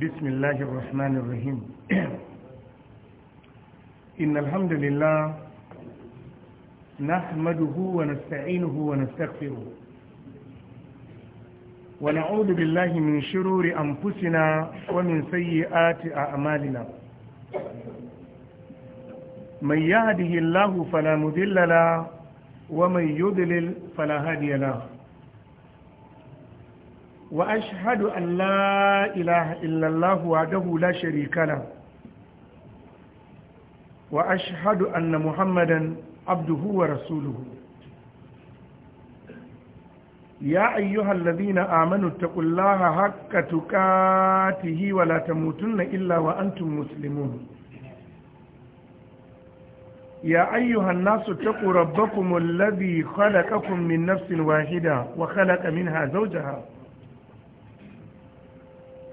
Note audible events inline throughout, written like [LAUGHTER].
بسم الله الرحمن الرحيم [CLEARS THROAT] إن الحمد لله نحمده ونستعينه ونستغفره ونعوذ بالله من شرور أنفسنا ومن سيئات أعمالنا من يهده الله فلا مذل له ومن يضلل فلا هادي له wa ashhadu an la ilaha illallah wa dahu la sharika la wa ashhadu anna muhammadan abduhu wa rasuluhu ya ayyuhal ladhina amanu taqullaha haqqa tuqatihi wa la tamutunna illa wa antum muslimun يا أيها الناس اتقوا ربكم الذي خلقكم من نفس واحدة وخلق منها زوجها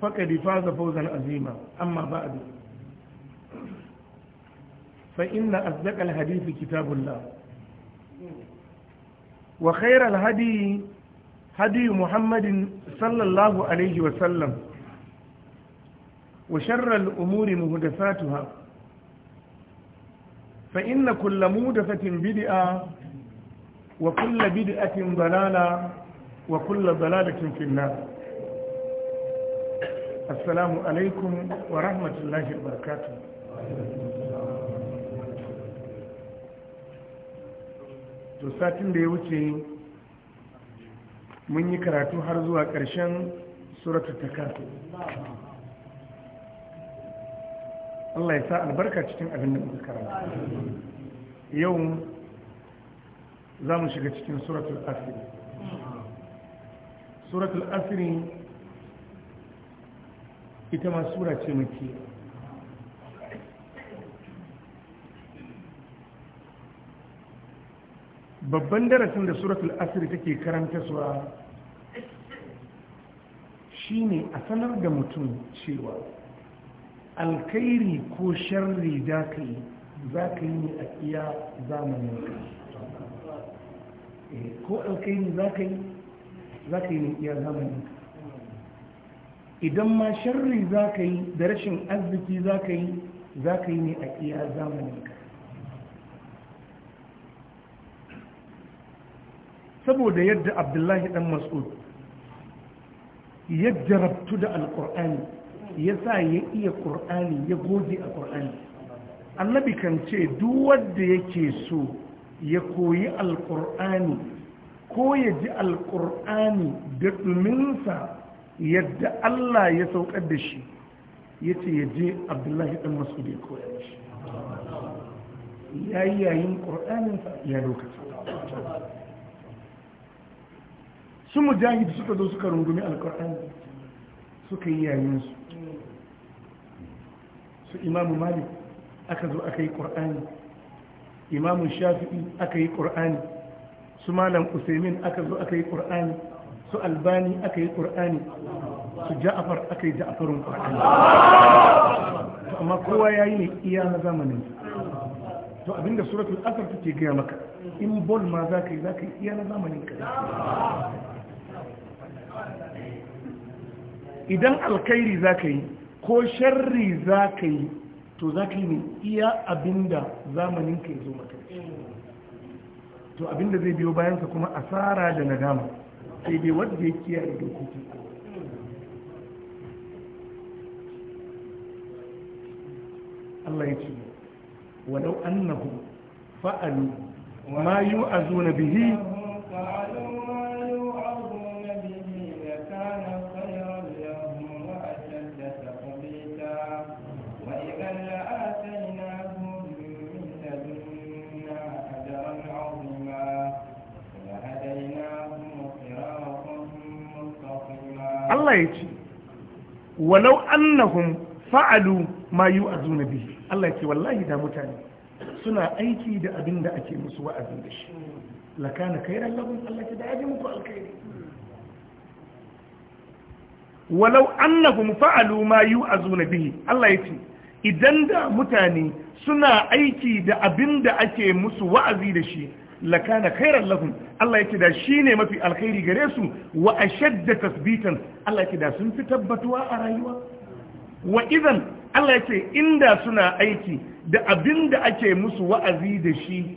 فقد فاز فوزا عظيما أما بعد فإن أصدق الحديث كتاب الله وخير الهدي هدي محمد صلى الله عليه وسلم وشر الأمور مهدفاتها فإن كل مودفة بدئة وكل بدئة ضلالة وكل ضلالة في النار assalamu alaikum wa rahmatullahi wa to satin da ya wuce mun yi karatu har zuwa ƙarshen suratul takasu Allah ya sa albarka cikin abin da muka yau za mu shiga cikin suratul asiri suratul asiri ita ma sura ce mace. babban darasin da suratul asiri take karanta suwa shine a sanar da mutum cewa alkairi ko sharri za ka za ka yi ne a iya zamanin ka eh, ko alkairi za ka yi za ka yi ne iya zamanin ka idan ma sharri za ka yi da rashin arziki za ka yi za ka yi ne a iya zamaninka saboda yadda abdullahi dan mas'ud ya jarabtu da alkur'ani ya sa ya iya ƙur'ani ya goge a ƙur'ani annabi kan ce duk wanda yake so ya koyi alkur'ani ko ya ji alkur'ani da ɗuminsa yadda Allah ya saukar da shi ya ce ya je abdullahi ɗan masu da ya koya shi ya yi yayin ƙur'aninsa ya lokacin su mujahidi suka zo suka rungumi alƙur'ani suka yi yayin su su imamu malik aka zo aka yi ƙur'ani imamu shafi'i aka yi ƙur'ani su malam usaimin aka zo aka yi ƙur'ani su albani aka yi ƙur'ani su ja'afar aka yi ja'afarun ƙur'ani amma kowa ya yi ne iya na zamanin to abinda suratul asar take gaya maka in bol ma za ka yi za ka yi iya na zamanin ka idan alkhairi za ka yi ko sharri za ka yi to za ka yi ne iya abinda zamanin ka yi zo maka to abinda zai biyo bayansa kuma asara da nadama sai dai wanda ya kiyaye dokokin Allah ya ce walau annahu fa'alu ma yu'azuna bihi walau annahum fa'alu ma yu'azuna bihi Allah ce wallahi da mutane suna aiki da abin da ake musu wa'azi da shi lakana khairan lahum Allah ce da yaji muku alkhairi walau annahum fa'alu ma yu'azuna bihi Allah ya ce idan da mutane suna aiki da abin da ake musu wa'azi da shi lakana khairan lahum Allah yake da shine mafi alkhairi gare su wa ashadda tasbitan Allah yake da sun fi tabbatuwa a rayuwa wa idan Allah yake inda suna aiki da abinda ake musu wa'azi da shi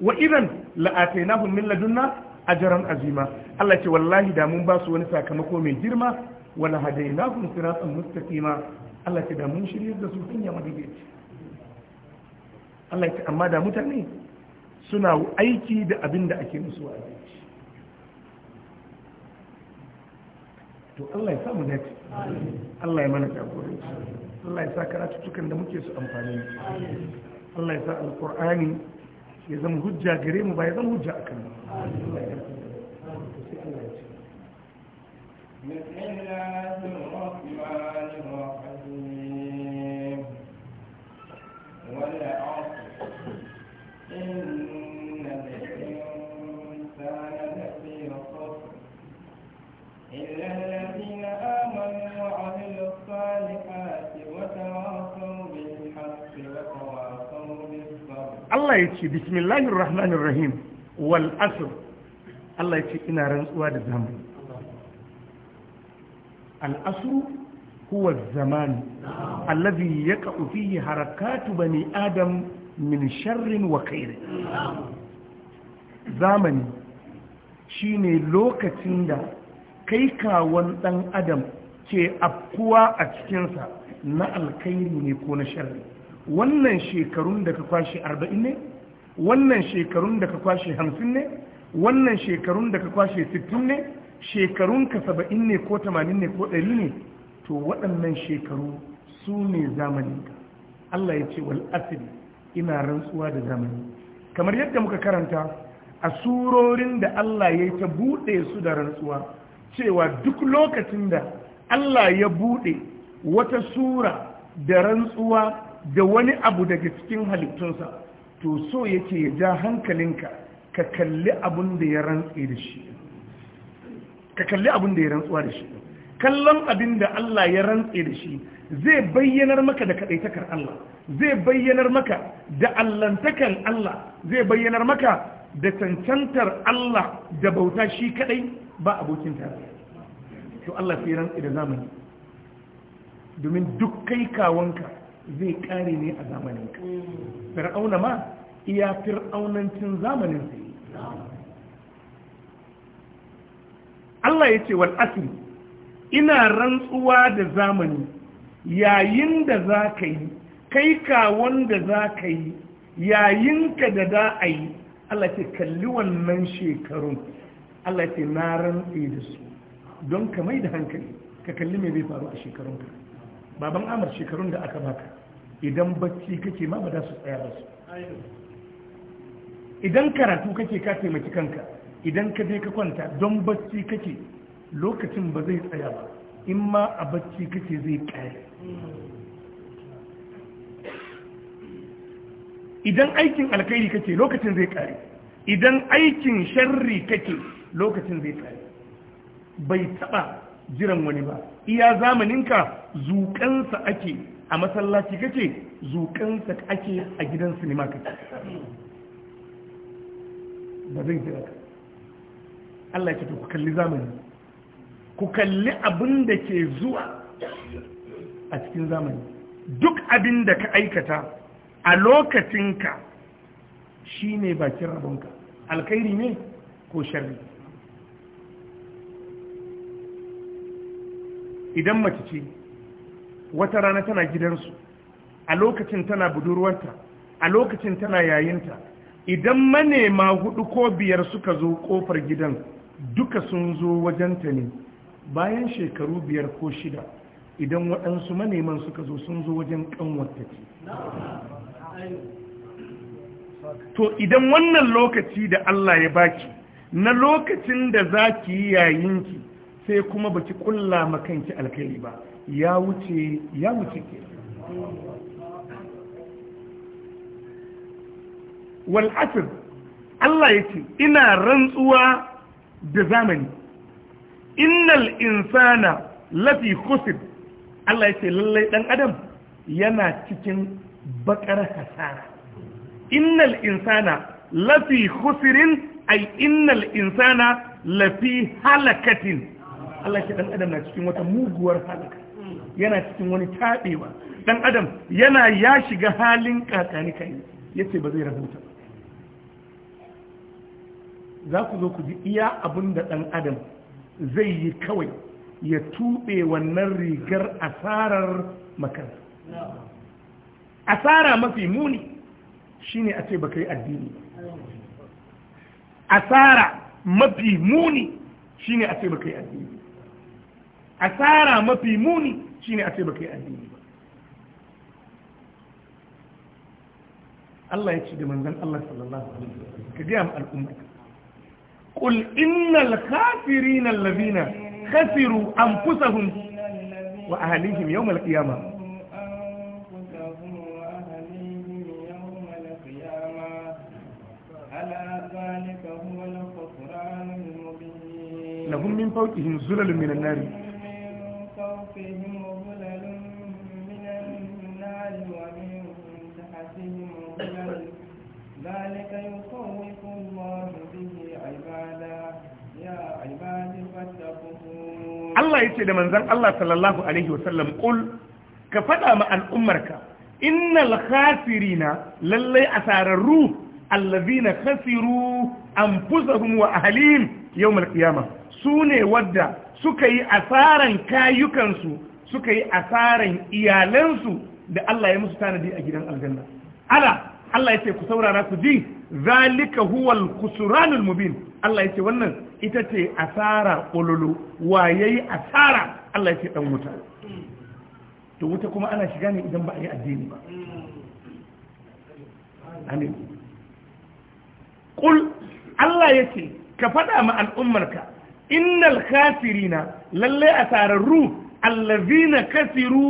wa idan la'atainahum min ladunna ajran azima Allah yake wallahi da mun ba su wani sakamako mai girma wa lahadainahum siratan mustaqima Allah yake da mun da su Allah amma da mutane suna aiki da abin da ake musu wa to Allah ya samu dace Allah ya mana jagoranci Allah ya sa karatuttukan da muke su amfani Allah ya sa alkur'ani ya zama hujja gare mu ba ya zama hujja akan mu بسم الله ya الرحيم الذين آمنوا وعملوا الصالحات وتواصوا بالحق وتواصوا بالصبر الله يتي بسم الله الرحمن الرحيم والأسر الله يتي إنا رنسوا الزمن الأسر هو الزمان الذي يقع فيه حركات بني آدم min sharrin wa khairi zamani shine lokacin da kai kawon ɗan adam ke afkuwa a cikinsa na alkairi ne ko na sharri wannan shekarun da ka kwashe arba'in ne wannan shekarun da ka kwashe hamsin ne wannan shekarun da ka kwashe sittin ne shekarun ka saba'in ne ko tamanin ne ko ɗari ne to waɗannan shekaru su ne zamanin ka Allah ya ce wal asiri ina rantsuwa da zamani kamar yadda muka karanta a surorin da Allah ya ta buɗe su da rantsuwa cewa duk lokacin da Allah ya buɗe wata sura da rantsuwa da wani abu daga cikin halittunsa to so yake ya ja hankalinka ka kalli abin da ya rantsi da shi ka kalli abin da ya rantsuwa da shi kallon abin da Allah ya rantse da shi zai bayyanar maka da kadaitakar Allah zai bayyanar maka da allantakan Allah zai bayyanar maka da cancantar Allah da bauta shi kaɗai. ba abokin tarayya to Allah fi ran da zamani domin duk kai kawanka zai kare ne a zamaninka fir'auna ma iya fir'aunancin zamanin sai Allah ya ce wal ina rantsuwa da zamani yayin da za ka yi kai kawon da za ka yi ka da za a yi Allah ce kalli wannan shekarun Allah ce na rantse da su don ka mai da hankali ka kalli mai bai faru a shekarunka baban amur shekarun da aka baka idan bacci kake ma ba za su tsaya ba su idan karatu kake ka taimaki kanka idan ka je ka kwanta don bacci kake lokacin ba zai tsaya ba in ma a bacci kake zai kare idan aikin alkhairi kake lokacin zai kare idan aikin sharri kake lokacin zai tsaya bai taɓa jiran wani ba iya zamaninka zuƙansa ake a masallaci kake zuƙansa ake a gidan sinima kake ba zai jira ka Allah ya ku kalli zamani ku kalli abin da ke zuwa a cikin zamani duk abin da ka aikata a lokacinka shi ne bakin rabonka alkhairi ne ko sharri idan mace ce wata rana tana gidansu a lokacin tana budurwarta a lokacin tana yayinta idan manema hudu ko biyar suka zo kofar gidan duka sun zo wajenta ne bayan shekaru biyar ko shida idan waɗansu maneman suka zo sun zo wajen ƙanwarta ce to idan wannan lokaci da Allah ya baki na lokacin da za ki yi yayinki sai kuma baki kulla makanki alkhairi ba ya wuce ya wuce ke wal asr Allah yace ina rantsuwa da zamani innal insana lafi khusr Allah yace lallai dan adam yana cikin bakar hasara innal insana lafi khusrin ay innal insana lafi halakatin Allah shi dan adam na cikin wata muguwar halaka yana cikin wani tabewa dan adam yana ya shiga halin kakani kai yace ba zai rahuta za ku zo ku ji iya abin da dan adam zai yi kawai ya tube wannan rigar asarar makar asara mafi muni shine a ce ba kai addini asara mafi muni shine a ce ba kai addini asara mafi muni shine a ce baka yi addini ba Allah ya ci da manzon Allah sallallahu alaihi wasallam ka ga mu al'umma qul innal kafirina allazina khasiru anfusahum wa ahlihim yawm al-qiyamah لهم من فوقهم زلل من النار فوقهم ظلل من النار ومن تحتهم ظلل ذلك يخوف الله به عباده يا عبادي فاتقون الله يسيد من ذن الله صلى الله عليه وسلم قل كفدا مع الأمرك إن الخاسرين للي أثار الروح الذين خسروا أنفسهم وأهليهم يوم القيامة su ne wadda suka yi asaran kayukansu suka yi asaran iyalansu da Allah ya musu tanadi a gidan aljanna ala Allah ya ce ku saurara ku ji zalika huwal kusuranul mubin Allah ya ce wannan ita ce asara ololo wa yayi asara Allah ya ce dan wuta to wuta kuma ana shiga ne idan ba a yi addini ba amin qul Allah ya ce ka faɗa ma al'ummarka innal khasirina lalle asararru allazina kasiru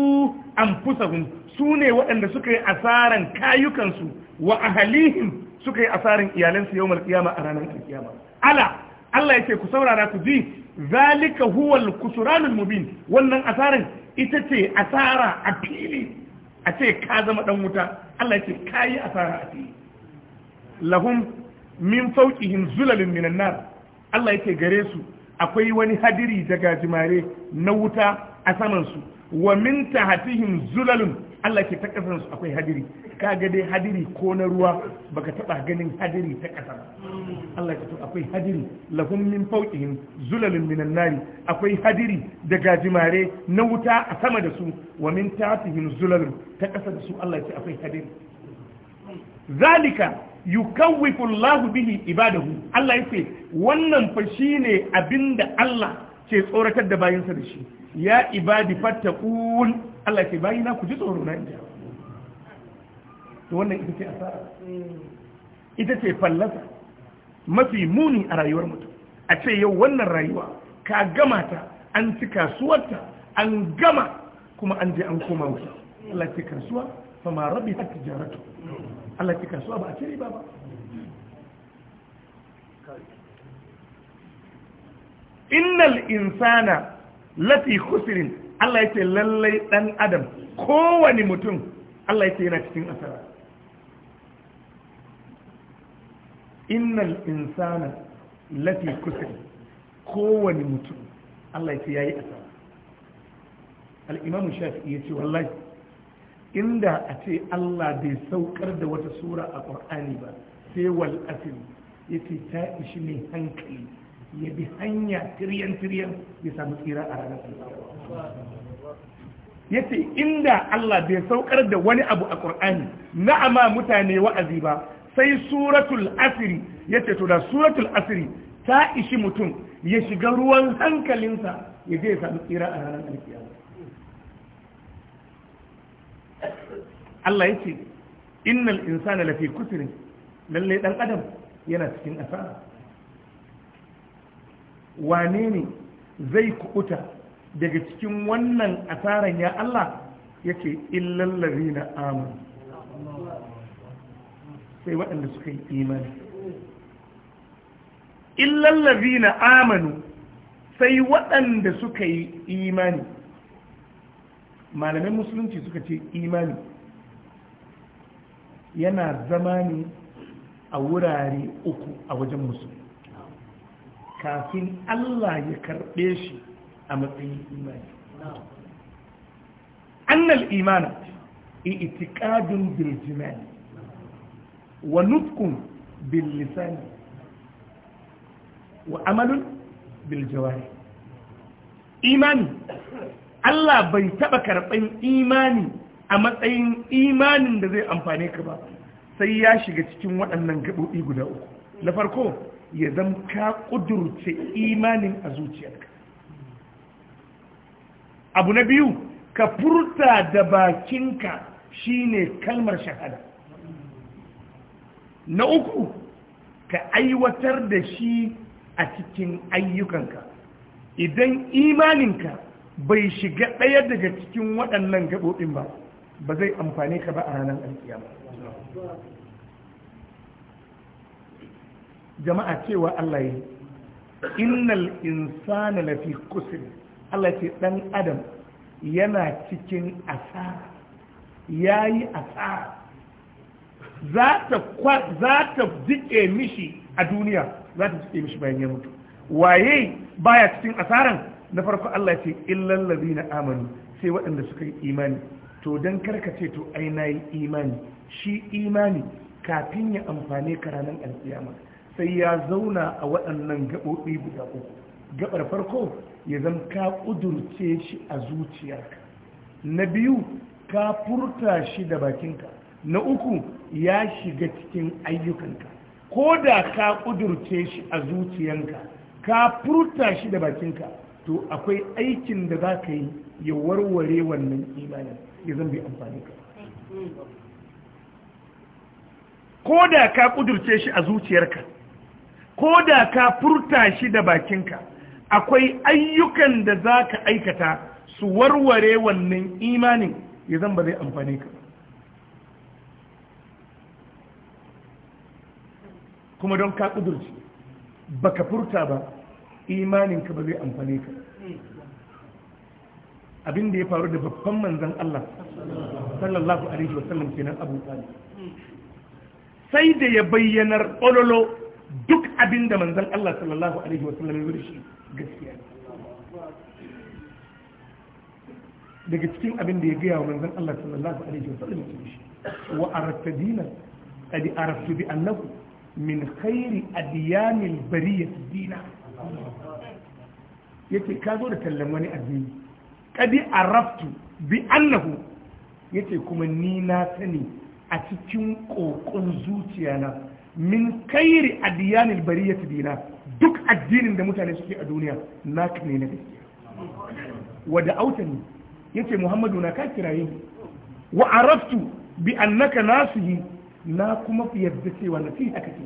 anfusahum sune waɗanda suka yi asaran kayukansu wa ahalihim suka yi asaran iyalansu yawmal qiyama a ranar alkiyama ala Allah yake ku saurara ku ji zalika huwal kusuranul mubin wannan asaran ita ce asara a fili a ce ka zama dan wuta Allah yake kayi asara a fili lahum min fawqihim zulalun minan nar Allah yake gare su akwai wani hadiri da gajimare na wuta a samansu wa min tahatihim zulalun Allah ke ta su akwai hadiri kaga dai hadiri ko na ruwa baka taba ganin hadiri ta ƙasa ba Allah ke to akwai hadiri lahum min fawqihim zulalun minan nari akwai hadiri da gajimare na wuta a sama da su wa min tahatihim zulalun ta kasa da su Allah ke akwai hadiri zalika yukawwifu Allahu bihi ibadahu Allah yace wannan fa shine abinda Allah ke tsoratar da bayansa da shi ya ibadi fattaqun Allah ke bayina ku ji tsoro na inda to wannan ita ce asara ita ce fallasa mafi muni a rayuwar mutum a ce yau wannan rayuwa ka gama ta an ci kasuwarta an gama kuma an je an koma wuta Allah ce kasuwa fa ma rabbi tijaratu Allah ce kasuwa ba a cire ba ba innal insana lafi kusurin, Allah yake lallai dan adam kowane mutum Allah yake yana cikin asara innal insana lafi khusrin kowane mutum Allah yake yayi asara al-imam iya yace wallahi inda a ce Allah bai saukar da wata sura a ƙwar'ani ba sai wal asil ya ce ta ishi mai hankali ya bi hanya tiryan tiryan ya samu tsira a ranar ya ce inda Allah bai saukar da wani abu a ƙwar'ani na'ama mutane wa'azi ba sai suratul asiri ya ce to da suratul asiri ta ishi mutum ya shiga ruwan hankalinsa ya je ya samu tsira a ranar alkiyama Allah ya ce innal insana lafi kusurin lalle dan adam yana cikin asara wane ne zai kukuta daga cikin wannan asaran ya Allah ya ce illallazi na amur sai waɗanda suka yi imani illallazi na amanu sai waɗanda suka yi imani malamin musulunci suka ce imani yana zama ne a wurare uku a wajen musulmi kafin Allah ya karɓe shi a matsayin imani annal imana i'tiqadun itikadin jinan wa nufkun billisani, wa amalun biljawari. jawari imani Allah bai taɓa karɓan imani a matsayin imanin da zai amfane ka ba sai ya shiga cikin waɗannan gaɓoɓi guda uku na farko ya zama ka ƙudurce imanin a zuciyarka abu na biyu ka furta da bakinka shine kalmar shahada na uku ka aiwatar da shi a cikin ayyukanka idan imaninka bai shiga ɗaya daga cikin waɗannan gaɓoɓin ba ba zai amfane ka ba a ranar alkiyama jama'a cewa Allah yi innal insana lafi kusur Allah ce dan adam yana cikin asara ya yi asara za ta jike mishi a duniya za ta jike mishi bayan ya mutu waye baya cikin asaran na farko Allah ce illallazi na amanu sai waɗanda suka yi imani to don ce to ai na yi imani shi imani kafin ya amfane ka ranar alkiyama sai ya zauna a waɗannan gaɓoɓi guda uku gaɓar farko ya zama ka ƙudurce shi a zuciyarka na biyu ka furta shi da bakinka na uku ya shiga cikin ayyukanka ko da ka ƙudurce shi a zuciyanka ka furta shi da bakinka to akwai aikin da za ka yi ya warware wannan imanin ya zan bai amfani ka ko da ka kudurce shi a zuciyarka ko da ka furta shi da bakinka akwai ayyukan da za ka aikata su warware wannan imanin ya zan ba zai amfani ka kuma don ka kudurce ka furta ba imaninka ba zai amfane ka abin da ya faru da babban manzan Allah sallallahu alaihi wa sallam kenan abu talib sai da ya bayyanar ololo duk abin da manzan Allah sallallahu alaihi wa sallam ya zuri shi gaskiya daga cikin abin da ya gaya wa manzan Allah sallallahu alaihi wa sallam ya zuri shi wa arafta dinan adi araftu bi annahu min khairi adiyanil bariyat dinan yace ka zo da tallan wani addini kadi araftu bi annahu yace kuma ni na sani a cikin kokon na, min kairi adiyanil bariyat dina duk addinin da mutane suke a duniya na ne na gaskiya wa da autani yace muhammadu na ka kiraye wa araftu bi annaka nasihi na kuma yadda cewa nasiha kake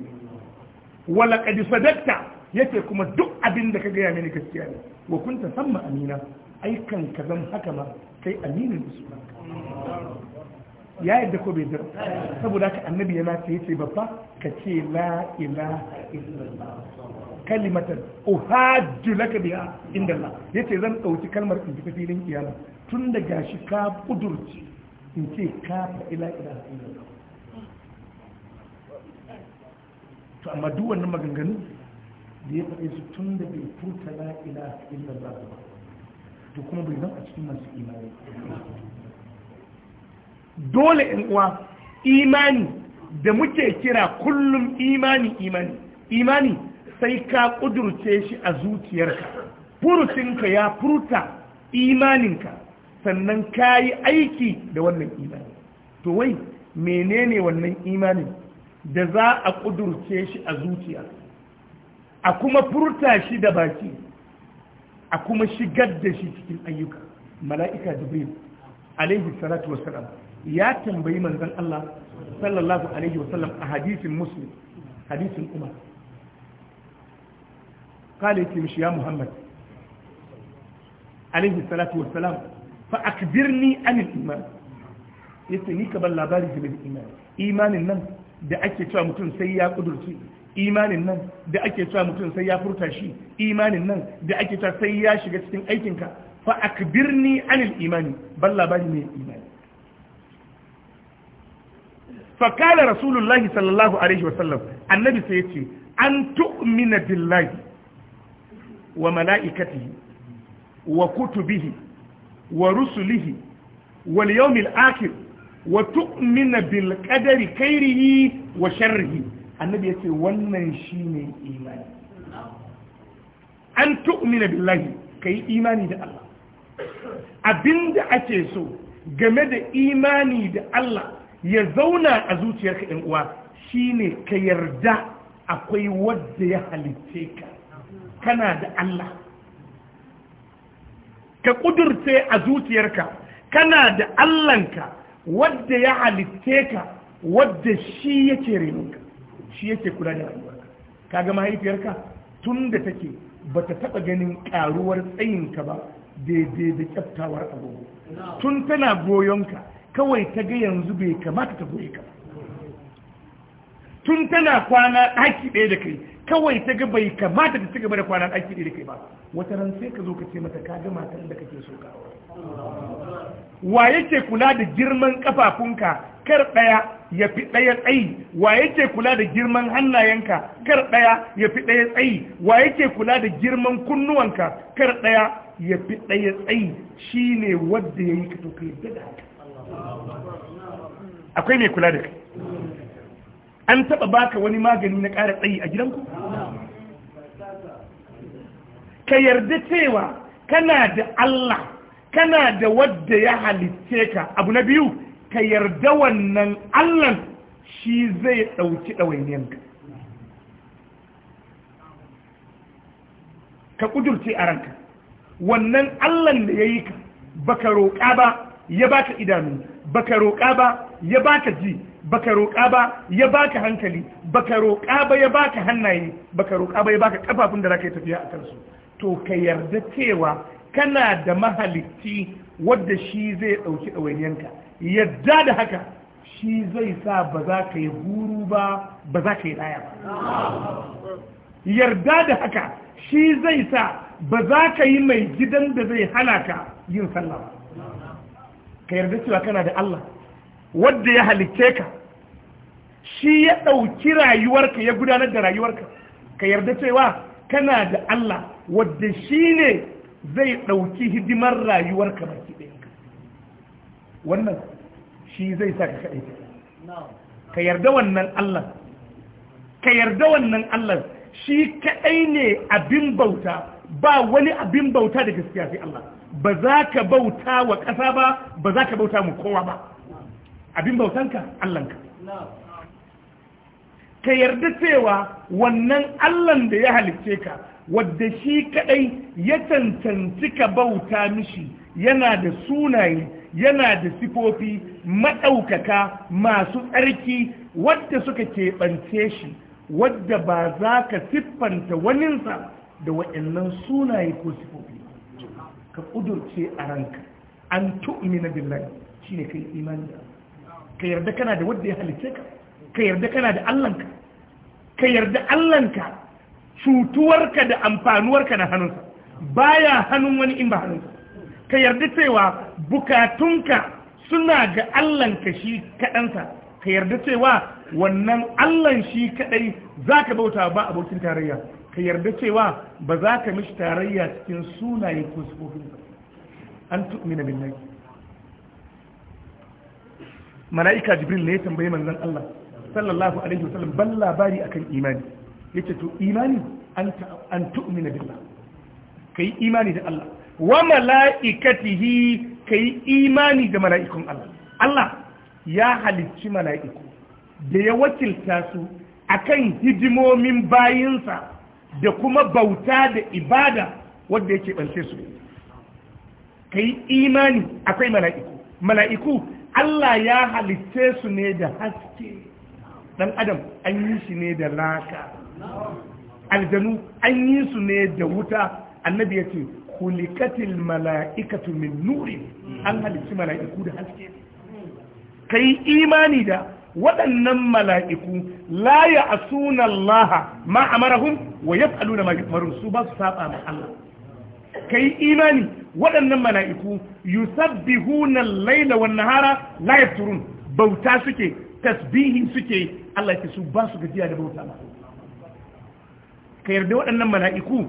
wala laqad yake kuma duk abin da ka gaya mini gaskiya ne wa kunta ma'amina. amina kan ka zan haka ma kai aminin ba ya yadda ko bai zira saboda ka annabi yana ce yace babba ka ce la ilaha illallah kalimatan uhaddu laka biha inda Allah yace zan dauki kalmar in fita filin kiyama tun da gashi ka kudurci in ce ka fa ila ila to amma duk wannan maganganu da ya faɗe su tun da bai furta la za illallah ba to kuma bai zan a cikin masu imani dole in uwa imani da muke kira kullum imani imani imani sai ka kudurce shi a zuciyarka furucinka ya furta imaninka sannan ka yi aiki da wannan imani to wai menene wannan imanin da za a kudurce shi a zuciya a kuma furta shi da baki a kuma shigar da shi cikin ayyuka mala'ika jibril alaihi salatu wassalam ya tambayi manzan Allah sallallahu alaihi wasallam a hadisin muslim hadisin umar قال يتمشي يا محمد عليه الصلاة والسلام فأكبرني عن الإيمان yace ni ka ban labari game da imani imanin nan da ake cewa mutum sai ya kudurci imanin nan da ake cewa mutum sai ya furta shi imanin nan da ake cewa sai ya shiga cikin aikinka fa akbirni anil imani ban labari mai imani fa kala rasulullahi sallallahu alaihi wa sallam annabi sai yace an tu'mina billahi wa mala'ikatihi wa kutubihi wa rusulihi wal yawmil akhir wa tu'mina bil qadari khairihi wa sharrihi annabi ya ce wannan shi ne imani an tu'mina billahi ka yi imani da Allah abinda ake so game da imani da Allah ya zauna a zuciyarka ɗan uwa ne ka yarda akwai wadda ya halitce ka kana da Allah ka kudurce a zuciyarka kana da Allahnka wadda ya halitce ka wadda shi yake renonka shi yake kula da rayuwarka kaga mahaifiyarka tun da take ba ta taba ganin karuwar tsayinka ba daidai da kyaftawar agogo tun tana goyonka kawai ta ga yanzu bai kamata ta goye ka tun tana kwana ɗaki ɗaya da kai kawai ta ga bai kamata ta cigaba da kwana ɗaki ɗaya da kai ba wata ran sai ka zo ka ce mata ka ga matan da kake so ka wa yake kula da girman kafafunka kar ɗaya ya fi ɗaya tsayi wa yake kula da girman hannayenka kar ɗaya ya fi ɗaya tsayi wa yake kula da girman kunnuwanka kar ɗaya ya fi ɗaya tsayi shi ne wadda ya yi ka to kai da akwai mai kula da kai an taɓa baka wani magani na ƙara tsayi a gidanku ka yarda cewa kana da Allah kana da wadda ya halitte ka abu na biyu ka yarda wannan Allah shi zai ɗauki ɗawainiyanka ka ƙudurce a ranka wannan Allah da ya yi ka baka roƙa ba ya baka idanu baka roƙa ba ya baka ji baka roƙa ba ya baka hankali baka roƙa ba ya baka hannaye baka roƙa ba ya baka kafafun da zaka yi tafiya a kansu to ka yarda cewa kana da mahalicci wadda shi zai ɗauki ɗawainiyanka yadda da haka shi zai sa ba za ka yi huru ba ba za ka yi ɗaya ba yarda da haka shi zai sa ba za ka yi mai gidan da zai hana ka yin sallah ba ka yarda cewa kana da Allah wadda ya halicce ka shi ya ɗauki rayuwarka ya gudanar da rayuwarka ka yarda cewa kana da Allah wadda shi ne zai ɗauki hidimar rayuwarka baki ɗaya wannan shi zai sa ka kaɗai ka yarda wannan Allah ka yarda wannan Allah shi kaɗai ne abin bauta ba wani abin bauta da gaskiya sai Allah ba za ka bauta wa ƙasa ba ba za ka bauta mu kowa ba abin bautanka Allahnka ka yarda cewa wannan Allahn da ya halicce ka wadda shi kaɗai ya cancanci ka bauta mishi yana da sunaye yana da sifofi maɗaukaka masu tsarki wadda suka keɓance shi wadda ba za ka siffanta waninsa da wa'annan sunaye ko sifofi ka ƙudurce a ranka an tu'mina billahi shine kai imani da ka yarda kana da wadda ya halice ka ka yarda kana da allanka ka yarda allanka cutuwarka da amfanuwarka na hannunsa baya hannun wani in ba hannunsa ka yarda cewa bukatunka suna ga Allahnka shi kaɗansa ka yarda cewa wannan Allahn shi kaɗai za ka bauta ba abokin tarayya ka yarda cewa ba za ka mishi tarayya cikin sunaye ko sifofinsa an tu'mina billahi mala'ika jibril ne ya tambayi manzon Allah sallallahu alaihi wasallam ban labari akan imani yace to imani an tu'mina billah kai imani da Allah wa mala'ikatihi yi imani da mala'ikun Allah Allah ya halicci mala'iku da ya wakilta su kan hidimomin bayinsa da kuma bauta da ibada wadda yake ɓance su ka yi imani akwai mala'iku mala'iku Allah ya halicce su ne da haske ɗan adam an yi shi ne da laka aljanu an yi su ne da wuta annabi ya ce kulikatil mala'ikatu min nurin an halicci mala'iku da haske yi imani da waɗannan mala'iku la ya asuna Allah ma amarahum wa yaf'aluna ma yu'marun su ba su saba ma Allah yi imani waɗannan mala'iku yusabbihuna na laila wan nahara la turun bauta suke tasbihi suke Allah ke su ba su gajiya da bauta ka yarda waɗannan mala'iku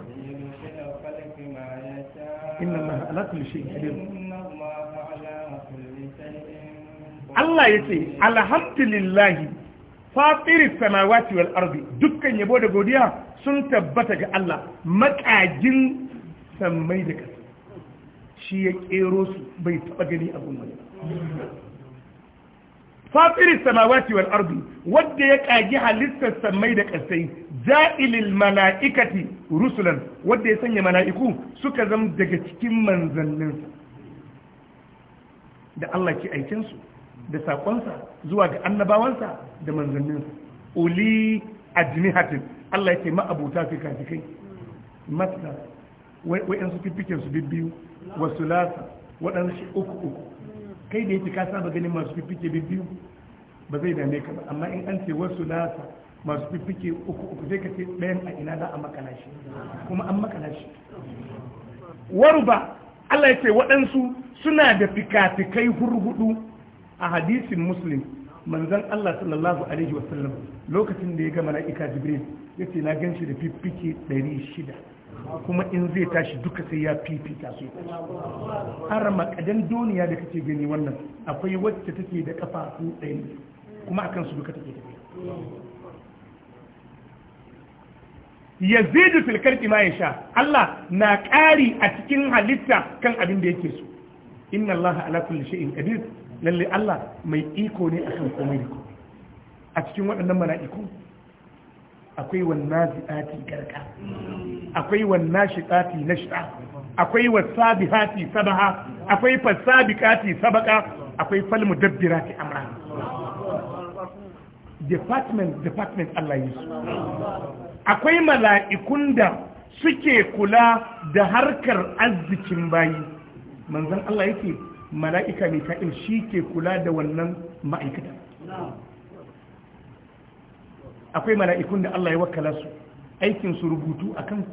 inna allaha ala kulli shay'in qadir Allah yace alhamdulillah fatiri samawati wal ardi dukkan yabo da godiya sun tabbata ga Allah makajin sammai da ƙasa shi ya kero su bai taba gani abun wani fatiris samawati wal ardi wanda ya kagi halittar samai da kasai ja'ilil mala'ikati rusulan wanda ya sanya mala'iku suka zama daga cikin manzanninsa da Allah ke aikinsu da sakonsa zuwa ga annabawansa da manzanninsa uli ajnihatin Allah yake ma'abuta fi kafikai masna wa'yansu fifikin bibbiyu wasu lasa waɗansu uku uku kai da yake ka saba ganin masu fifike biyu ba zai dame ka ba amma in an ce wasu lasa masu fifike uku uku zai ka ce ɗayan a ina za a makala shi kuma an makala shi waruba Allah ya ce waɗansu suna da fikafikai hurhudu a hadisin muslim manzan Allah sallallahu alaihi wasallam lokacin da ya ga mala'ika jibril ya ce na gan shi da fiffike ɗari shida kuma in zai tashi duka sai ya fifita su har makadan duniya da kake gani wannan akwai wacce take da su ɗaya kuma akan su duka take tafiya yazidu fil kalbi ma yasha Allah na ƙari a cikin halitta kan abin da yake so inna Allah ala kulli shay'in qadir lalle Allah mai iko ne akan komai da komai a cikin waɗannan mala'iku akwai wannan nazi'ati garka akwai wannan nashi'ati na shi'a akwai wasabi hati sabaha akwai fasabi kati sabaka akwai falmu ti amra department department Allah yi su akwai mala'ikun da suke kula da harkar arzikin bayi manzon Allah yake mala'ika mai ta'il shi ke kula da wannan ma'aikata akwai mala'ikun da Allah ya wakala su aikin su rubutu akan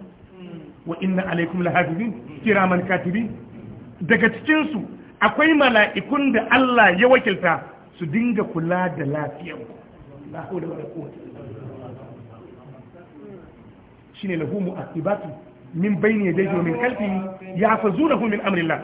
wa inna alaikum lahafizin kiraman katibin daga cikin su akwai mala'ikun da Allah ya wakilta su dinga kula da lafiyar la hawla wala quwwata shine lahu mu'aqibatu min bayni yadayhi wa min khalfihi yahfazunahu min amrillah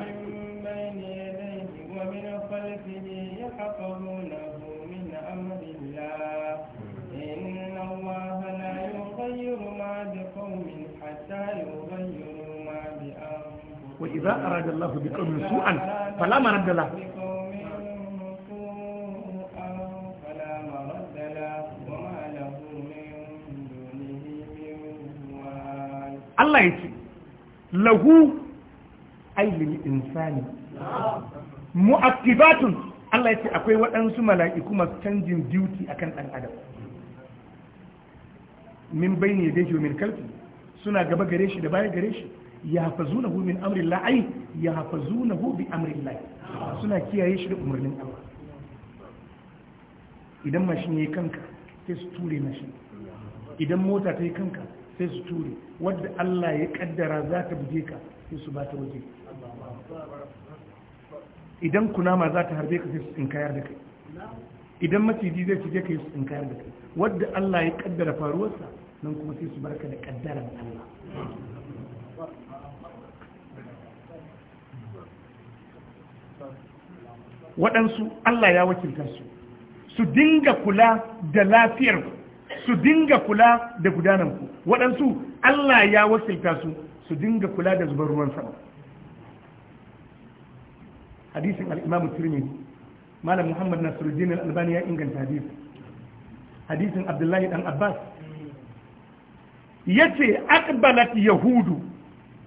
idza arada Allahu bi qawmin su'an fala maradda la Allah ya ce lahu ailin insani mu'akibatun Allah ya ce akwai waɗansu mala'iku canjin duty akan ɗan adam min bai ne da min kalfi suna gaba gare shi da baya gare shi yahfazunahu min amrillah ai yahfazunahu bi amrillah suna kiyaye shi da umarnin Allah idan mashin ya yi kanka sai su ture mashin idan mota ta yi kanka sai su ture wadda Allah ya kaddara za ta buge ka sai su ba ta waje idan kunama za ta harbe ka sai su tsinkayar da kai idan maciji zai cije ka yi su tsinkayar da kai wadda Allah ya kaddara faruwarsa nan kuma sai su barka da kaddaran Allah waɗansu Allah ya wakilta su su dinga kula da lafiyar su dinga kula da gudanar ku waɗansu Allah ya wakilta su su dinga kula da zubar ruwan sama hadisin al-Imam Tirmidhi malam Muhammad Nasiruddin al-Albani ya inganta hadisi hadisin Abdullahi dan Abbas yace aqbalat yahudu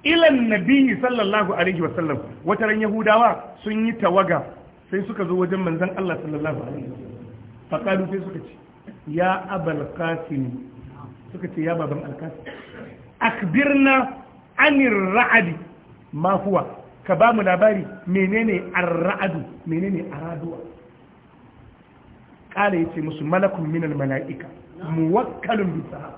ilan nabiyyi sallallahu alaihi wasallam wata ran yahudawa sun yi tawaga sai suka zo wajen manzan Allah sallallahu alaihi wasallam faqalu sai suka ce ya abal qasim suka ce ya baban Al-qassim? alkasim akbirna anir ra'adi ma huwa ka ba mu labari menene ar-ra'adu menene araduwa kala yace musu malakun minal mala'ika muwakkalun bi sahab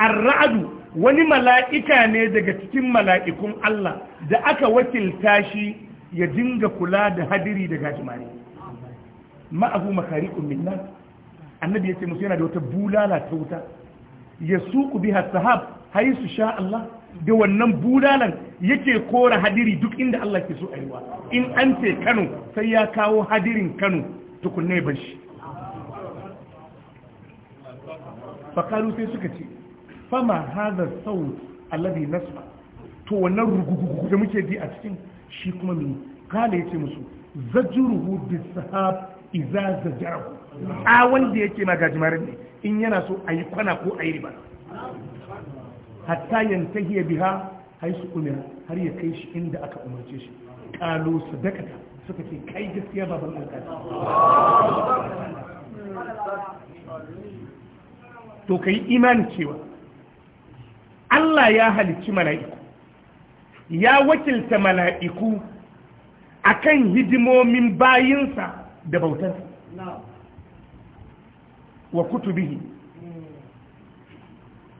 ar-ra'adu wani mala'ika ne daga cikin mala'ikun Allah da aka wakilta shi ya dinga kula da hadiri da gajimare ma'ahu makari ummin nan annabi ya ce musu yana da wata bulala ta wuta ya suku biha sahab haisu sha Allah da wannan bulalan yake kora hadiri duk inda Allah ke so aiwa in an ce Kano sai ya kawo hadirin Kano tukunne ban shi fakaru sai suka ce fama hadha saut alladhi nasma to wannan rugugugu da muke ji a cikin shi kuma mini kala ya ce musu zajjuruhu Sahab iza zajjarahu a wanda ya yake ma gajimare ne in yana so a yi kwana ko a yi riba hatta yantahiya biha haisu umira har ya kai shi inda aka umarce shi kalu sadakata suka ce kai gaskiya baban alƙali to ka yi imani cewa Allah ya halicci mala'iku ya wakilta mala'iku a kan hidimomin bayinsa da bautar wa kutubihi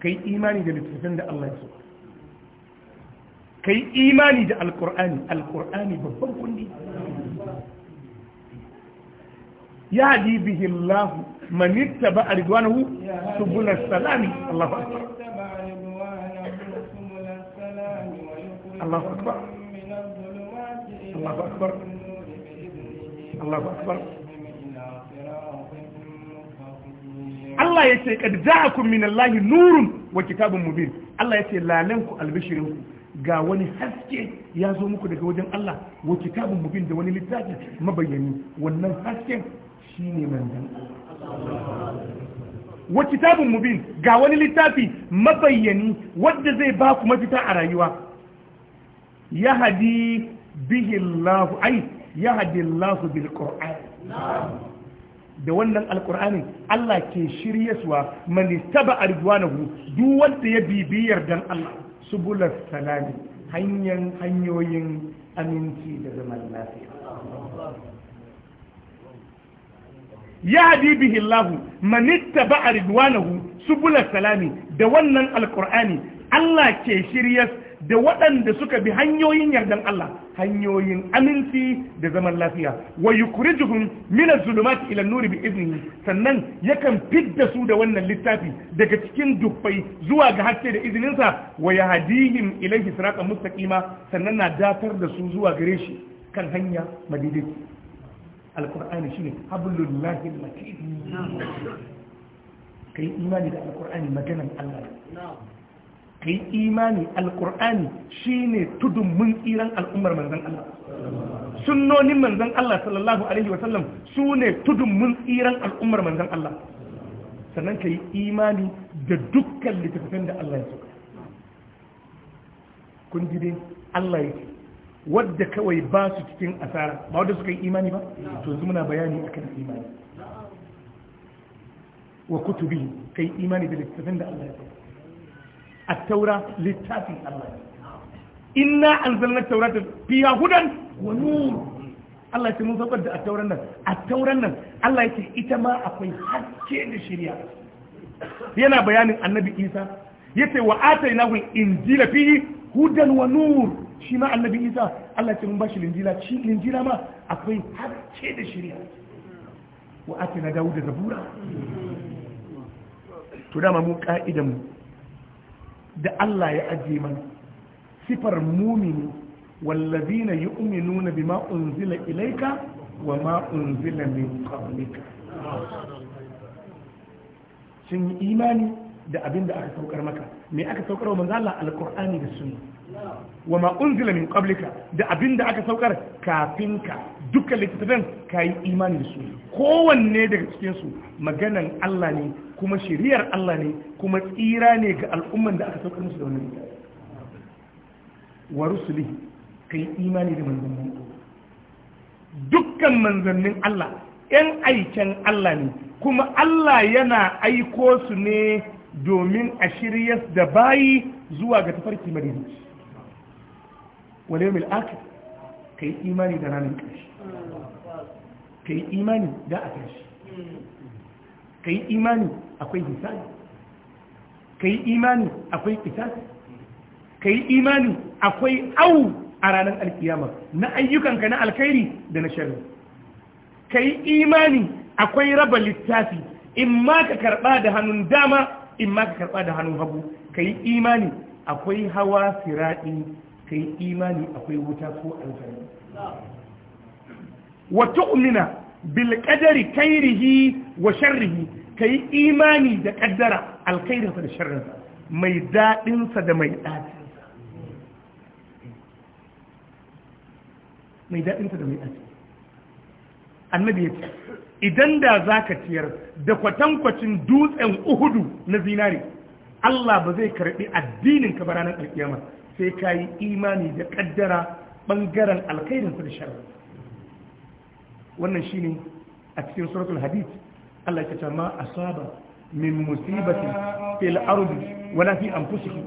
kai imani da littattafan da Allah ya so kai imani da alkur'ani alkur'ani babban kundi ya hadi bihi Allah man ittaba ridwanahu subul salami Allahu akbar الله أكبر الله أكبر الله أكبر Allah ya ce kad ja'akum min Allah nurun wa kitabun mubin Allah ya ce lalanku albishirinku ga wani haske ya zo muku daga wajen Allah wa kitabun mubin da wani littafi mabayyani wannan hasken shine manzon wa kitabun mubin ga wani littafi mabayyani wadda zai ba ku mafita a rayuwa yahdi bihi Allah ai yahdi Allah bil Qur'an da wannan alkur'ani Allah ke shiryaswa man istaba arjuwanahu duk wanda ya bibiyar dan Allah subulas salami hanyan hanyoyin aminci da zaman lafiya yahdi bihi Allah man istaba arjuwanahu subulas salami da wannan alkur'ani Allah ke shiryas da waɗanda suka bi hanyoyin yardan Allah hanyoyin aminci da zaman lafiya wa yukrijuhum min az-zulumati ila an-nuri bi iznihi sannan yakan fidda su da wannan littafi daga cikin dubbai zuwa ga haske da izininsa? sa wa yahdihim ilayhi siratan mustaqima sannan na datar da su zuwa gare shi kan hanya madidai alqur'ani shine hablullahi al-matin kai imani da alqur'ani maganan Allah ka yi imani alkur'ani shi ne tudun mun tsiran al'ummar manzan Allah sunnonin manzan Allah sallallahu alaihi wasallam su ne tudun mun tsiran al'ummar manzan Allah sannan ka yi imani da dukkan littattafan da Allah ya suka kun ji Allah ya ce wadda kawai ba su cikin asara ba wadda suka yi imani ba to yanzu muna bayani akan imani wa kutubi kai imani da littattafan da Allah ya suka at-taura littafin Allah inna anzalna at-taurata fiha hudan wa nur Allah ya mun saukar da at-tauran nan at-tauran nan Allah yake ita ma akwai haske da shari'a yana bayanin annabi Isa yace wa atainahu injila fihi hudan wa nur shi ma annabi Isa Allah ya mun bashi shi ma akwai haske da to dama mu ka'idan mu da Allah ya ajiye mana sifar mumini wallazina yu'minuna bima unzila ilayka wa ma unzila min qablika sun yi imani da abin da aka saukar maka me aka saukar wa manzo Allah alqur'ani da sunna wa ma unzila min qablika da abin da aka saukar kafinka. dukkan littattafan ka yi imani da su kowanne daga cikinsu maganan Allah ne kuma shiriyar Allah ne kuma tsira ne ga al'umman da aka sauka musu da wannan wa rusuli ka yi imani da manzannin dukkan manzannin Allah ‘yan aiken Allah ne kuma Allah yana aiko su ne domin a shirya da bayi zuwa ga tafarki madinaci wale mil ka yi imani da ranar ƙarshe ka yi imani da a tashi ka yi imani akwai hisabi ka yi imani akwai kitasi ka yi imani akwai au a ranar alkiyama na ayyukanka na alkhairi da na shari ka yi imani akwai raba littafi in ma ka karɓa da hannun dama in ma ka karɓa da hannun hagu ka yi imani akwai hawa siraɗi ka yi imani akwai wuta ko alfari wa tu'mina bilƙadari qadari khairihi wa sharrihi kai imani da kaddara alkhairinsa da sharrinsa mai daɗinsa da mai mai daɗinsa da mai annabi ya ce idan da za ka ciyar da kwatankwacin dutsen uhudu na zinari, Allah ba zai karɓi addinin ka ba ranar alkiyama sai ka yi imani da ƙaddara ɓangaren alkhairinsa da sharrinsa wannan shine a cikin suratul hadid Allah ya ce ma asaba min musibati fil ardi wala fi anfusikum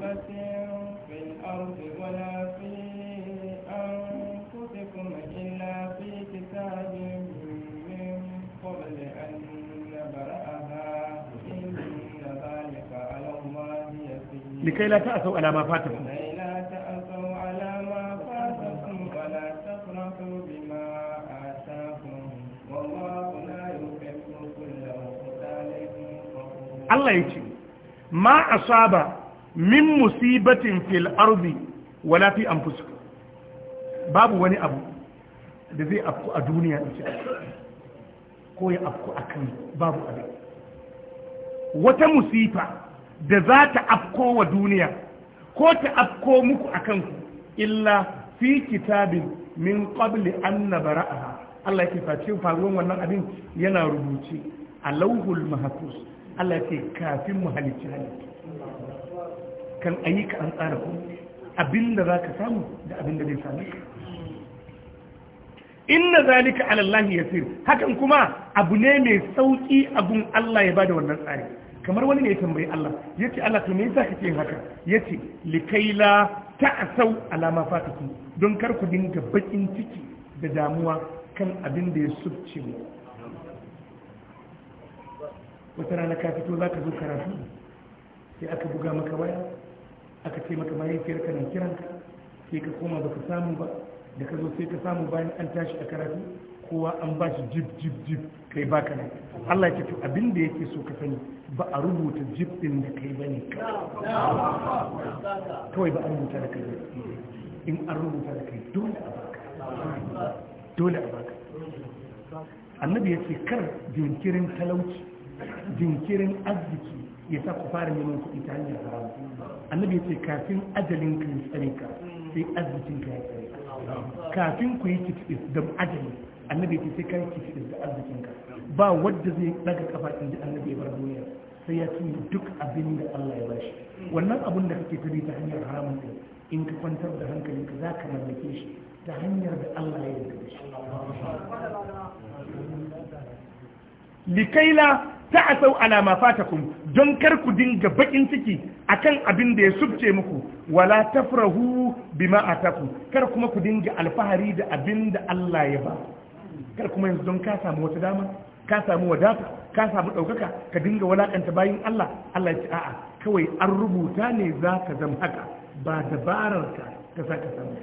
لكي لا تأسوا على ما فاتكم Allah ya ce ma asaba min musibatin fil ardi wala fi anfusikum babu wani abu da zai afku a duniya in ko ya afku a akan babu abin wata musifa da za ta afko wa duniya ko ta afko muku a kanku illa fi kitabin min ƙwabli an nabra'aha Allah ya face faruwan wannan abin yana rubuce a lauhul mahfuz Allah ce kafin mu halicci hali, kan ayi ka an tsara ku abinda za ka samu da abinda zai samu inna zalika ala Allah yasir hakan kuma abu ne mai sauki abun Allah ya bada wannan tsari kamar wani ne ya tambayi Allah yace Allah to me yasa kake yin haka yace likaila ta'asau ala ma fatakum don kar ku dinga bakin ciki da damuwa kan abin da ya subce mu wata rana ka fito za ka zo karatu sai aka buga maka waya aka ce maka mahaifiyar ka na ka? sai ka koma ba ka samu ba da ka zo sai ka samu bayan an tashi a karatu kowa an ba shi jib jib jib kai ka nan Allah ya ce abin da yake so ka sani ba a rubuta jib din da kai ba ne kawai ba a rubuta da kai in an rubuta da kai dole a baka dole a baka annabi ya ce kar jinkirin talauci jinkirin arziki ya sa ku fara neman kuɗi ta hanyar haramu annabi ya ce kafin ajalin ka ya tsare ka sai arzikin ka ya tsare kafin ku yi kitfis da ajali annabi ya ce sai ka yi da arzikin ka ba wanda zai daga kafa in ji annabi ya bar duniya sai ya cinye duk abin da Allah ya bashi wannan abin da kake tabi ta hanyar haramun ne in ka kwantar da ka za ka mallake shi ta hanyar da Allah ya yarda da shi likaila asau ala ma fatakum don kar ku dinga bakin ciki akan abin da ya subce muku wala tafrahu bima ataku kar kuma ku dinga alfahari da abin da Allah ya ba kar kuma yanzu don ka samu wata dama ka samu wadata ka samu ɗaukaka ka dinga walakanta bayin Allah Allah ya ce a'a kawai an rubuta ne za ka zama haka ba dabararka ta sa ka samu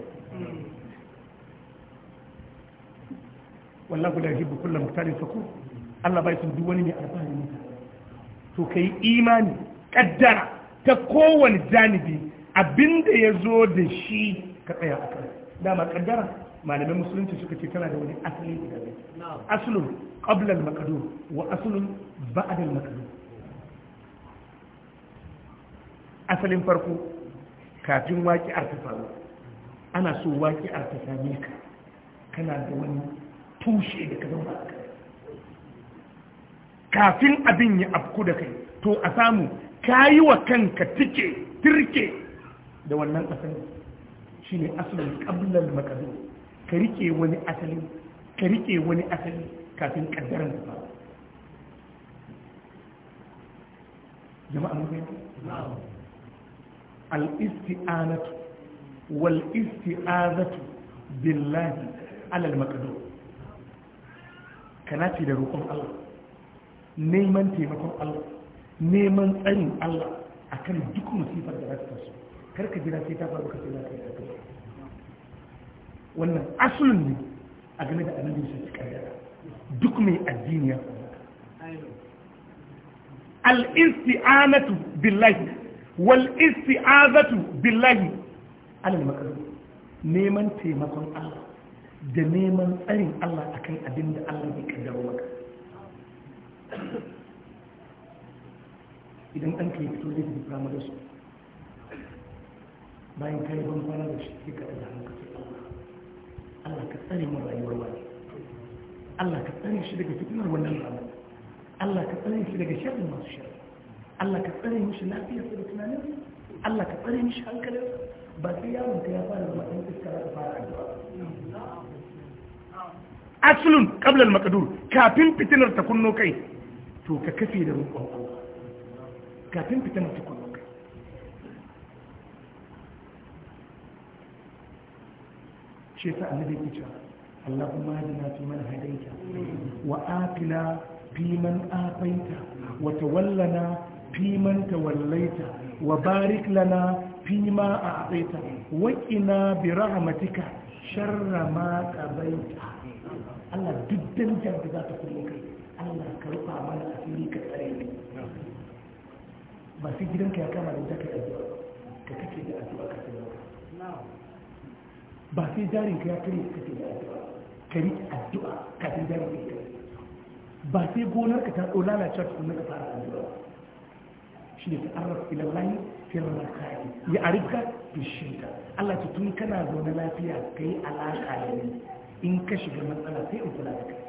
wallahu la yuhibbu kullu mukhtalin fakur Allah bai son duk wani mai alfahari ne to kai imani kaddara ta kowane janibi abinda ya zo da shi ka tsaya a kai dama kaddara malamin musulunci suka ce tana da wani asali da gaba aslun qabla al-maqdur wa aslun ba'da al-maqdur asalin farko kafin waƙi'ar ta ana so waƙi'ar ta same ka kana da wani tushe da ka zama a kai kafin abin ya afku da kai to a samu kayi wa kanka tike tirke da wannan asali ne asalin ƙabilar makazin ka rike wani asali ka rike wani asali kafin kaddaran da ba jama'a mun bayyana al isti'anatu wal isti'azatu billahi ala alal maqdur kana ci da roƙon Allah neman taimakon Allah neman tsarin Allah a akan duk musifar da za ta taso karka jira sai ta faru kace za ka yi wannan asulun ne a game da annabi sai yara. duk mai addini ya al-isti'anatu billahi wal isti'azatu billahi alal makaru neman taimakon Allah da neman tsarin Allah akan abin da Allah bai kaddara maka idan an kai fito zai fi fama da su bayan ka yi kwana da shi sai ka ɗaga hannu ka ce Allah ka tsare mu rayuwar wani Allah ka tsare shi daga fitinar wannan zamani Allah ka tsare shi daga sharrin masu sharri Allah ka tsare mishi lafiyarsa da tunaninsa Allah ka tsare mishi hankalinsa ba sai yaron ka ya fara zama ɗan iska za ka fara addu'a aslun qabla al-maqdur kafin fitinar ta kunno kai to ka kafe da roƙon kafin fitan mutu kullum shi yasa annabi yake cewa Allahumma hadina fi man hadaita wa atina fi man afaita wa tawallana fi man tawallaita wa barik lana fi ma a'taita wa qina bi rahmatika sharra ma qabaita Allah duk danja da za ta kulle kai Allah ka rufa mana asiri ka tsare mu ba sai gidanka ya kama da wuta ka addu'a ka kake da addu'a ka sai ba sai jarin ka ya kare ka kake da addu'a ka yi addu'a ka sai jarin ka yi ba sai gonar ka ta tsola na church kuma ka fara addu'a shi ne ta'arraf ila Allah fi rakai ya arifka bi shirka Allah ta tun kana zaune lafiya yi alaka da ni in ka shiga matsala sai in kula da kai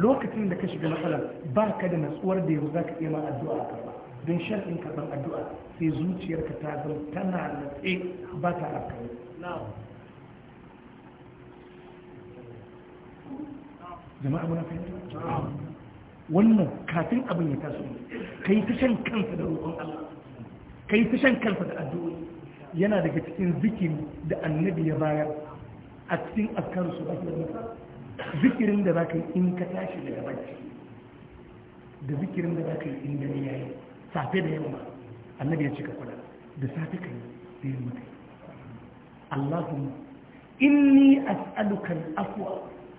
lokacin da ka shiga matsala ba ka da natsuwar da yau za ka iya ma addu'a ka don shan ɗin karɓar addu'a sai zuciyarka ta zama tana natse ba ta rafkani jama'a muna fahimta wannan kafin abin ya taso yi ta shan kansa da roƙon Allah ka yi ta shan kansa da addu'o'i yana daga cikin zikiri da annabi ya bayar a cikin askar su ake masa zikirin da za ka yi in ka tashi daga bacci da zikirin da za ka yi in dare yayi safe da yamma annabi ya cika kula da safe kai da yamma kai Allahumma inni as'aluka al-afwa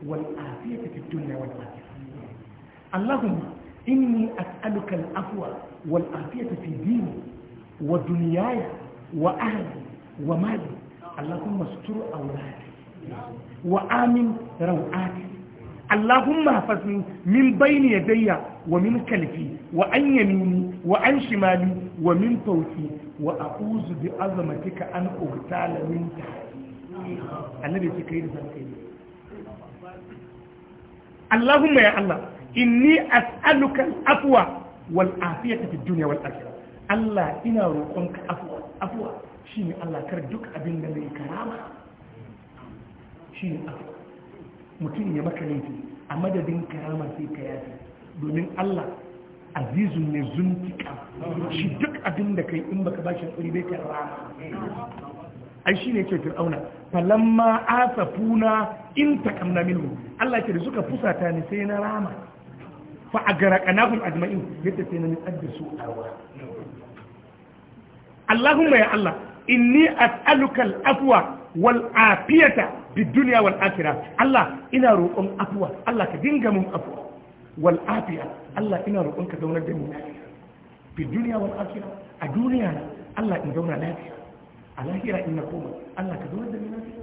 wal afiyata fid dunya wal akhirah Allahumma inni as'aluka al-afwa wal afiyata fi dini wa dunyaya wa ahli wa mali Allahumma astur awlati wa amin rawati Allahumma hafzni min bayni yadayya ومن كلفي وأن يميني وأن شمالي ومن فوقي وأعوذ بعظمتك أن أغتال من تحتي النبي سكير سكير اللهم يا الله إني أسألك الأفوى والعافية في الدنيا والآخرة الله إنا روحك أفوى أفوى شيني الله كردك أبن لي كرامة شيني أفوى متين يا مكة ليتي a madadin karama sai ka yafi domin Allah azizu ne zuntika shi duk abin da kai in baka bashi hakuri bai kan rana ai shine yake fir'auna falamma asafuna in takamna minhu Allah ke da suka fusata ni sai na rama fa agaraqnahum ajma'in yadda sai na nitsar da su arwa Allahumma ya Allah inni as'aluka al-afwa wal afiyata bid dunya wal akhirah Allah ina roƙon afwa Allah ka dinga mun afwa Wal'afiya, Allah ina roƙonka zaunar da mu lafiya fi duniya wal afiya a duniya na Allah in zauna lafiya a lahira in koma Allah ka zaunar da mu lafiya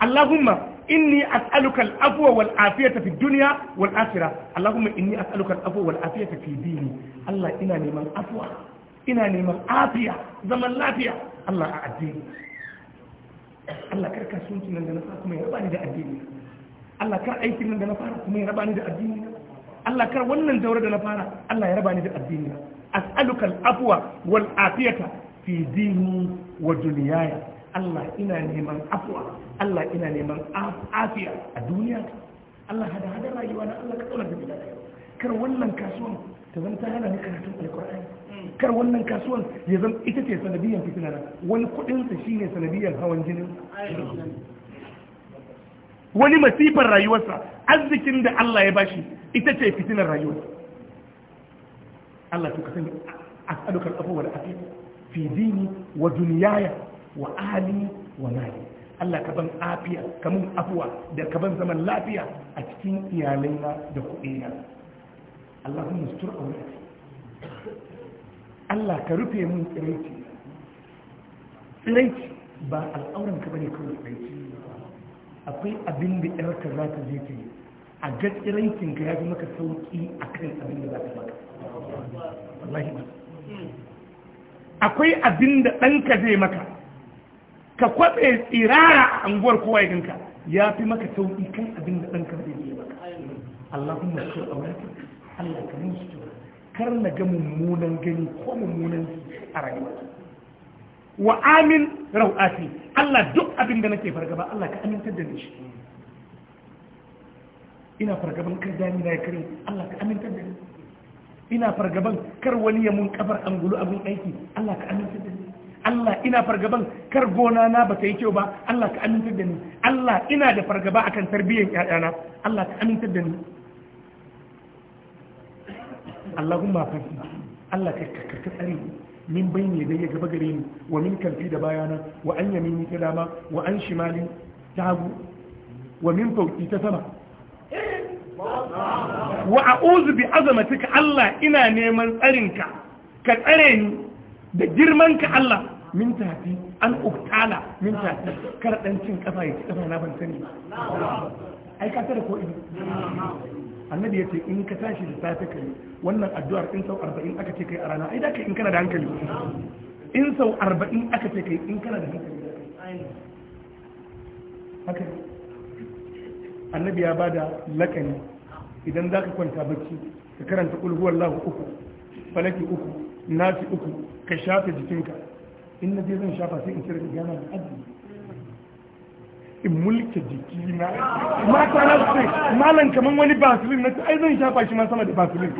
Allahumma inni as'aluka al-afwa wal afiyata fi dunya wal akhirah Allahumma inni as'aluka al-afwa wal afiyata fi dini Allah ina neman afwa ina neman afiya zaman lafiya Allah a addini Allah karka sun tunan da na sa kuma ya bani da addini Allah kar aikin nan da na fara kuma ya raba ni da addini na Allah kar wannan daura da na fara Allah ya raba ni da addini na as'aluka al-afwa wal afiyata fi dini wa dunyaya Allah ina neman afwa Allah ina neman afiya a duniya Allah hada hada rayuwa na Allah ka kauna da bila kar wannan kasuwan ta zama ta hana ni karatun alqur'ani kar wannan kasuwan ya zama ita ce sanadiyan fitina wani kudin sa shine sanadiyan hawan jinin wani masifar rayuwarsa arzikin da Allah ya bashi ita ce fitinar rayuwarsa Allah to ka sani as'aluka al-afwa wal afiya fi dini wa duniyaya, wa ahli wa mali Allah ka ban afiya ka mun afuwa da ka ban zaman lafiya a cikin iyalaina da kuɗina Allahumma astur awrati Allah ka rufe mun tsiraici tsiraici ba al'auran ka bane kawai tsiraici akwai abin da yarka za ta je ta yi a gaskirankin ka ya fi maka sauki a kan abin da za ta maka wallahi ba akwai abin da ɗanka zai maka ka kwaɓe tsirara a anguwar kowa ya ganka ya fi maka sauki kan abin da ɗanka zai yi maka Allahumma shi a wani Allah ka mun kar na ga mummunan gani ko mummunan a rayuwa wa amin rau'ati Allah duk abin da nake fargaba Allah ka amintar da shi ina fargaban kar dani na kare Allah ka amintar da ni ina fargaban kar wani ya mun kafar angulu abin aiki Allah ka amintar da ni Allah ina fargaban kar gona na ba ta yi kyau ba Allah ka amintar da ni Allah ina da fargaba akan tarbiyyar ƴaƴana Allah ka amintar da ni Allahumma fa Allah ka ka tsare min bayni yadayya gaba gare ni wa min kalfi da bayana wa an yamini ta dama wa an shimali ta hagu wa min fauki ta sama wa uzu bi azamatika Allah ina neman tsarinka ka tsare ni da girman ka Allah min tafi an uktala min tafi kar dan cin kafa ya ci kafa na ban sani ai ka tare ko ido annabi ya ce in ka tashi da safe ka yi wannan addu'ar in sau arba'in aka ce kai a rana ai da ka in kana da hankali in sau arba'in aka ce kai in kana da hankali haka annabi ya bada lakani idan za ka kwanta bacci ka karanta kulhuwar lahu uku falaki uku nasi uku ka shafe jikinka in na je zan shafa sai in cire da gana da addini in mulke jikina mata na su malan kaman wani basilin na ai zan shafa shi ma sama da basilin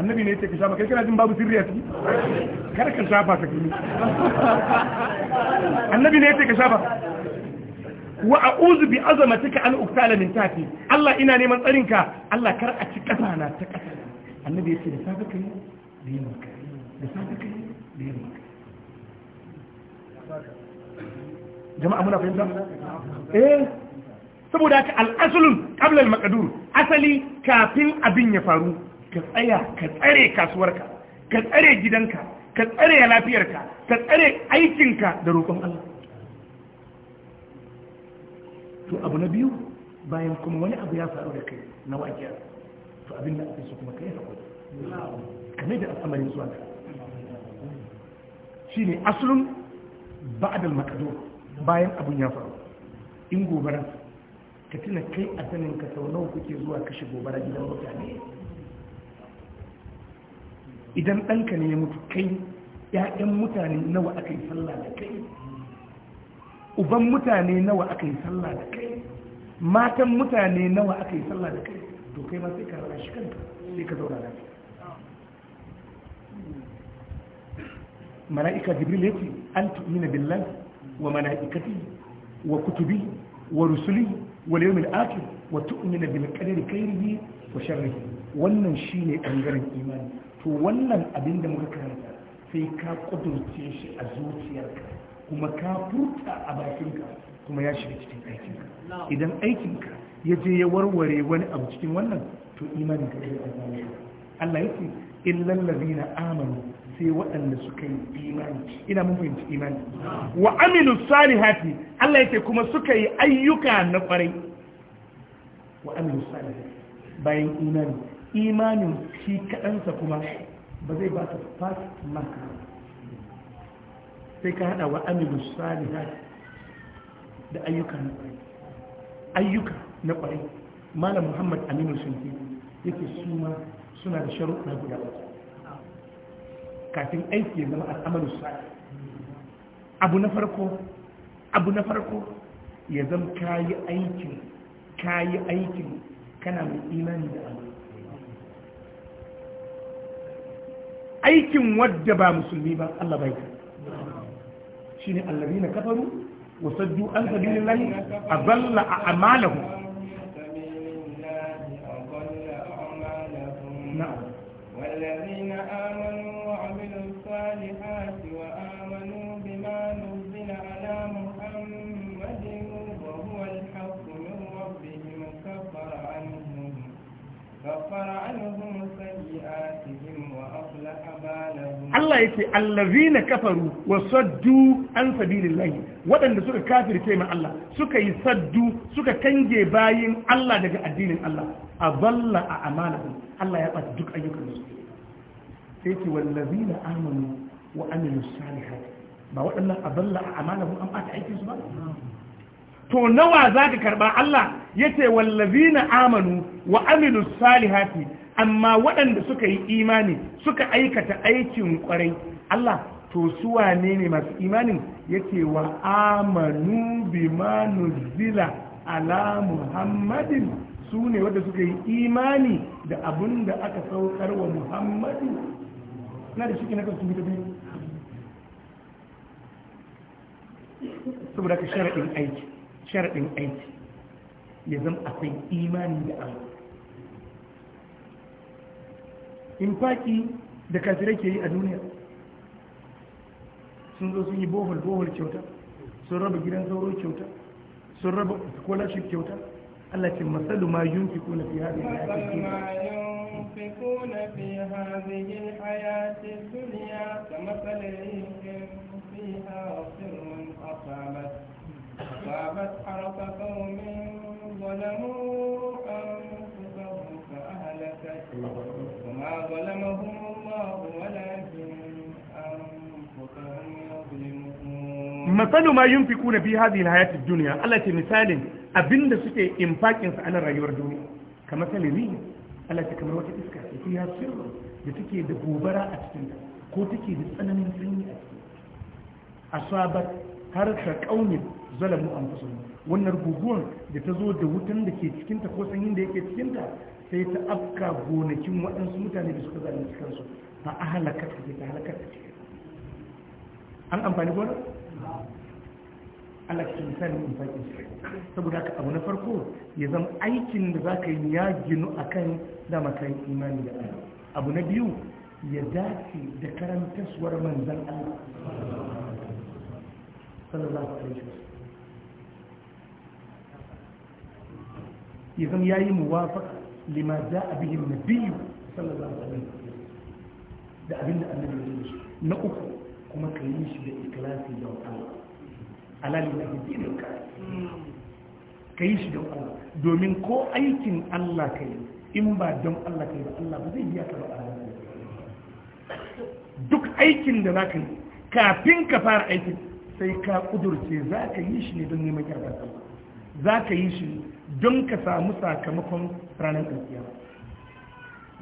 annabi ne yake ka shafa kai kana jin babu sirri a ciki kar ka shafa ka gani annabi ne yake ka shafa wa a'udhu bi azamatika an uktala min tahti Allah ina neman tsarinka Allah kar a ci kasa na ta kasa annabi yake da safa kai da yamma kai da safa kai jama'a muna fahimta eh saboda haka al'asulun qabla al asali kafin abin ya faru ka tsaya ka tsare kasuwarka ka tsare gidanka ka tsare lafiyarka ka tsare aikinka da roƙon Allah to abu na biyu bayan kuma wani abu ya faru da kai na wajiya to abin da ake so kuma kai hakuri kame da al'amarin zuwa Shi ne asulun ba'dal maqdur bayan abin ya faru in gobara ka tuna kai a sanin ka sau nawa kuke zuwa kashe gobara gidan mutane idan ɗanka ne ya mutu kai ‘ya'yan mutane nawa aka yi sallah da kai uban mutane nawa aka yi sallah da kai matan mutane nawa aka yi sallah da kai to kai ma sai ka rana shi kanka sai ka zauna da mala'ika jibril ya ce an tu'mina billahi wa mala'ikati wa kutubi wa rusuli wa yawmil ati, wa tu'minu bil qadari wa sharrihi wannan shine bangaren imani to wannan abin da muka karanta sai ka kudurce shi a zuciyarka kuma ka furta a bakinka kuma ya shiga cikin aikinka idan aikinka ya je ya warware wani abu cikin wannan to imanin ka zai Allah yake illal ladina amanu sai waɗanda suka yi imani ina mun fahimci imani wa amilu salihati Allah yake kuma suka yi ayyuka na kwarai wa Aminu salihati bayan imani imanin shi kaɗansa kuma ba zai ba ta fast mark sai ka haɗa wa amilu salihati da ayyuka na kwarai ayyuka na kwarai malam muhammad aminu sunki yake suma suna da sharuɗa guda uku kafin aiki ya zama al'amalu sa'i abu na farko abu na farko ya zama kayi aikin kayi aikin kana mai imani da Allah aikin wadda ba musulmi ba Allah bai shine na kafaru wa saddu an sabilillahi a a'malahum Allah ya allazina kafaru wa saddu an sabilillahi waɗanda suka kafirce ma Allah suka yi saddu suka kange bayin Allah daga addinin Allah a balla a amanahum Allah ya ɓata duk ayyukan su sai ce wallazina amanu wa amilu salihat ba waɗannan a balla a amanahum an bata aikin su ba to nawa zaka karba Allah yace wallazina amanu wa amilu salihati amma waɗanda suka yi imani suka aikata aikin kwarai Allah to su wane ne masu imanin yake wa amanu bi nuzila ala muhammadin su ne wadda suka yi imani da abin da aka saukar wa muhammadin na da shi na kan su biyu saboda ka sharaɗin aiki sharaɗin aiki ya zama akwai imani da abu infaki da kafirai ke yi a duniya sun zo sun yi bohol bohol kyauta sun raba gidan sauro kyauta sun raba scholarship kyauta Allah ce masalu ma yunfiquna fi kuna fi haɗe ينفقون في قوم ظلموا أنفسهم فأهلكت masalu ma yunfikuna fi hadhihi alhayati ta duniya, Allah ce misalin abinda suke infakinsa sa a nan rayuwar duniya kamar salimi Allah ce kamar wata iska ce fi sirru da take da gobara a cikin ta ko take da tsananin sanyi a cikin sabar har ta kaunin zalamu fasu wannan guguwar da ta zo da wutan da ke cikin ta ko sanyin da yake cikin ta sai ta afka gonakin waɗansu mutane da suka zalunci kansu a halakar ta halakar ta an amfani gonar Allah cikin misalin infaki saboda ka abu na farko ya zama aikin da za ka yi ya ginu a kan dama kan imani da Allah abu na biyu ya dace da karantaswar manzan Allah sallallahu alaihi wasallam ya zama ya yi muwafaqa lima jaa bihi an-nabiy sallallahu alaihi wasallam da abinda annabi ya yi na uku kuma ka yi shi da ikilasi don Allah alal da hujjinin ka ka yi shi don Allah domin ko aikin Allah ka yi in ba don Allah ka yi ba Allah ba zai biya ka ba a duk aikin da za ka yi kafin ka fara aikin sai ka kudurce za ka yi shi ne don neman da Allah za ka yi shi don ka samu sakamakon ranar ƙarfiya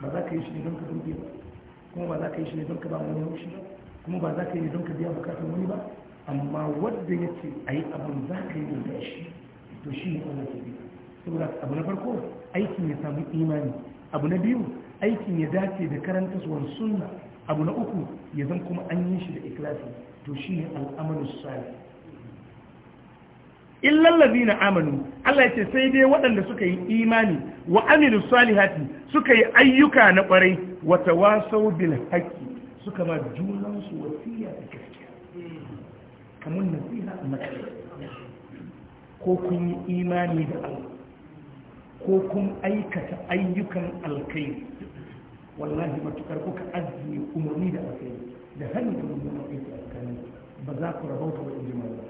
ba za ka yi shi ne don ka dubiya kuma ba za ka yi shi ne don ka ba wani haushi ba kuma ba za ka yi don ka biya bukatun wani ba amma wadda ya ce a yi abin za ka yi da shi to shi ne Allah ke biya saboda abu na farko aikin ya samu imani abu na biyu aikin ya dace da karanta suwan sunna abu na uku ya zan kuma an yi shi da ikilasi to shi ne al'amalin sali illallabi na amanu Allah ce sai dai waɗanda suka yi imani wa amilu salihati suka yi ayyuka na ƙwarai wata wasau bil haƙƙi suka ma junansu wasiya da gaskiya kamar nasiha siya matsayi ko kun yi imani da Allah ko kun aikata ayyukan alkai wallahi matukar kuka ajiye umarni da alkai da hannun da mummunan aiki alkai ba za ku rabauta wa injimar da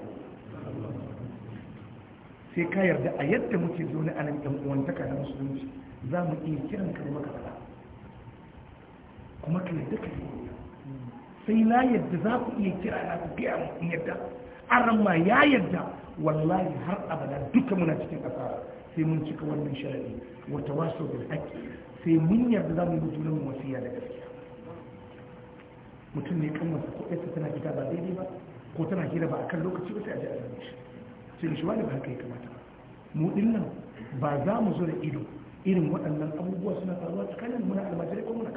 sai ka yarda a yadda muke zaune a nan ɗan uwantaka na musulunci za mu iya kiran ka maka kuma ka yarda ka yi sai na yadda za ku iya kira na ku gaya mu in yadda aran ma ya yadda wallahi har abada duka muna cikin asara sai mun cika wannan sharadi wa tawasso bil haqqi sai mun yarda za mu yi junan wasiya da gaskiya mutum ne kan masa ko sa tana gida ba daidai ba ko tana gida ba akan lokaci ba sai a ji a zama shi sai shi wani ba haka ya kamata mu din nan ba za mu zo da ido irin waɗannan abubuwa suna faruwa tsakanin muna almajirai ko muna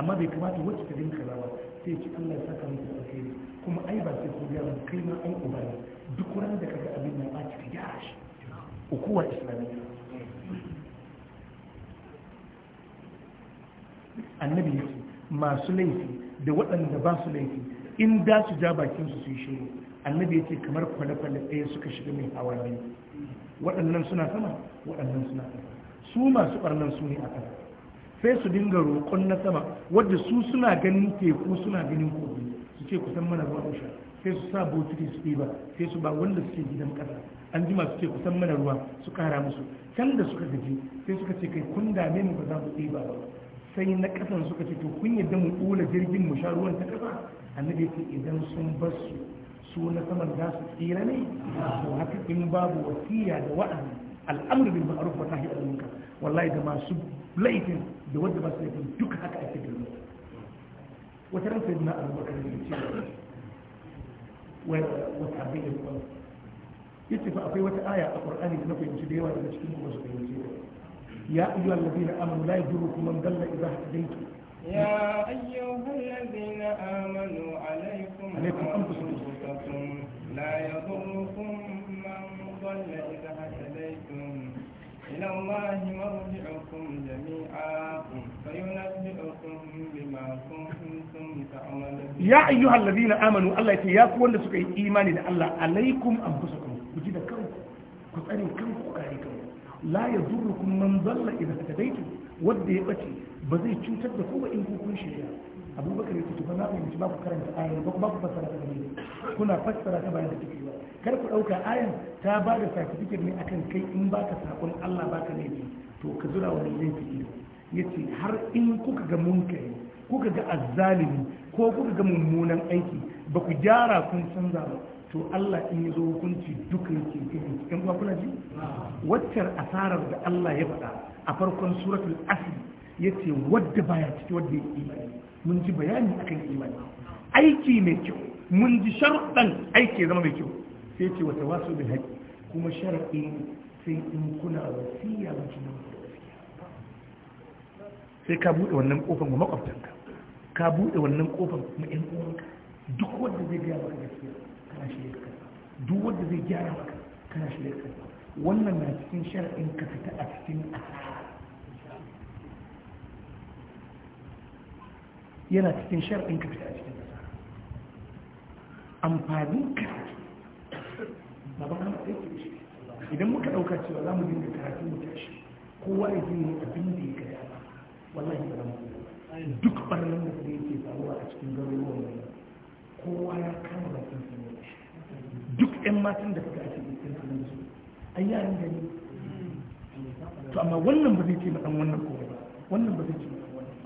amma bai kamata wacce ta dinka kaza ba sai ci Allah ya saka muku alheri kuma ai ba sai ku gyara kai ma ai uba ne duk ran da kaga abin nan ba ka gyara shi hukumar islamiyya annabi ya ce masu laifi da waɗanda ba su laifi in da su ja bakin su su yi shiru annabi yake kamar kwale-kwale ɗaya suka shiga mai hawa biyu waɗannan suna sama waɗannan suna sama su masu ɓarnan su ne a ƙasa sai su dinga roƙon na sama wadda su suna ganin teku suna ganin kogi su ce kusan mana ruwa mu sai su sa botiki su ɗiba sai su ba wanda suke gidan ƙasa an jima su ce kusan mana ruwa su ƙara musu can da suka gaji sai suka ce kai kun dame mu ba za mu ɗiba ba sai na ƙasan suka ce to kun yadda mu ɗola jirgin mu sha ruwan ta ƙasa annabi ce idan sun bar su su na saman za su tsira ne to haka in babu wasiya da wa'azi al'amru bil ma'ruf wa nahy anil munkar wallahi da masu laifin da wanda ba su laifin duka haka ake girma wata ran sai na abubakar ne ce wata abin da kuma ya ce fa akwai wata aya a ƙwar'ani da na fahimci da yawa daga cikin kuma su fahimci ya ayyuha allazina amanu la yajurukum man dalla idha hadaytum ya ayyuha allazina amanu alaykum alaykum anfusakum la yadurukum man dalla idha hadaytum إلى الله مرجعكم جميعا فينبئكم بما كنتم تعملون يا أيها الذين آمنوا الله يتي ياكو ولا سكي إيماني الله عليكم أنفسكم وجد كم كتاري كم كتاري لا يضركم من ضل إذا اهتديتم ودي يبتي بزي تشوتك ده هو إن كنت شيئا أبو بكر يتي تبنى من جباب كرم آية بكو بكو بسرة كنا فسرة كبيرة تكيوا kar ku ɗauka ayan ta ba da certificate ne akan kai in baka sakon Allah baka laifi to ka zura wani laifi ya ce har in kuka ga munkari kuka ga azzalimi ko kuka ga mummunan aiki ba ku gyara kun canza ba to Allah in ya zo hukunci duka yake cikin cikin ba kuna ji waccar asarar da Allah ya faɗa a farkon suratul asr ce wadda baya ciki wadda ya imani mun ji bayani akan imani aiki mai kyau mun ji sharuɗan aiki zama mai kyau sai ce wata wasu bin haƙi kuma sharaɗi sai in kuna wasiya wa junan ku sai ka buɗe wannan ƙofar ma maƙwabtanka ka buɗe wannan ƙofar ma ƴan uwanka duk wanda zai gaya maka gaskiya kana shirya ka duk wanda zai gyara maka kana shirya ka wannan na cikin sharaɗin ka fita a cikin asara yana cikin sharaɗin ka fita a cikin amfanin ka baban Allah sai ke shi idan muka ɗauka cewa za mu dinga karatu mu tashi kowa ya ji abin da ya gada ba wallahi ba mu duk barnan da zai ke faruwa a cikin garuruwan mu kowa ya kama da bakin sa duk ƴan matan da suka ake cikin sanin su ai yaran gani to amma wannan ba zai ce ma wannan kowa ba wannan ba zai ce ma wannan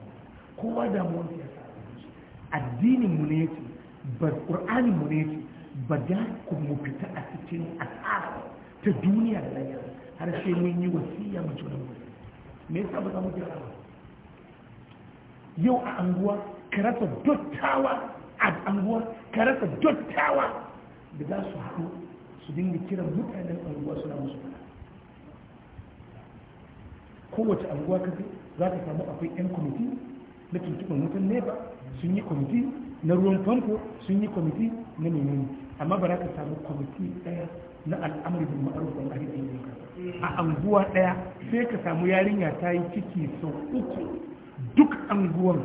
kowa damuwar sa addinin mu ne yake ba qur'anin mu ne ce. ba da ku mu fita a cikin asara ta duniya da lahira har sai mun yi wasiya mu wani mu me yasa ba za mu jira ba yau a anguwa ka rasa dottawa a anguwa ka rasa dottawa da za su haɗu su dinga kiran mutanen anguwa suna musu fada kowace anguwa ka za ka samu akwai 'yan kwamiti na tuntuɓar mutan nefa sun yi kwamiti na ruwan famfo sun yi kwamiti na menene amma ba za ka samu kwamiti ɗaya na al'amari da ma'aruf wal nahi anil a anguwa ɗaya sai ka samu yarinya ta yi ciki sau uku duk anguwar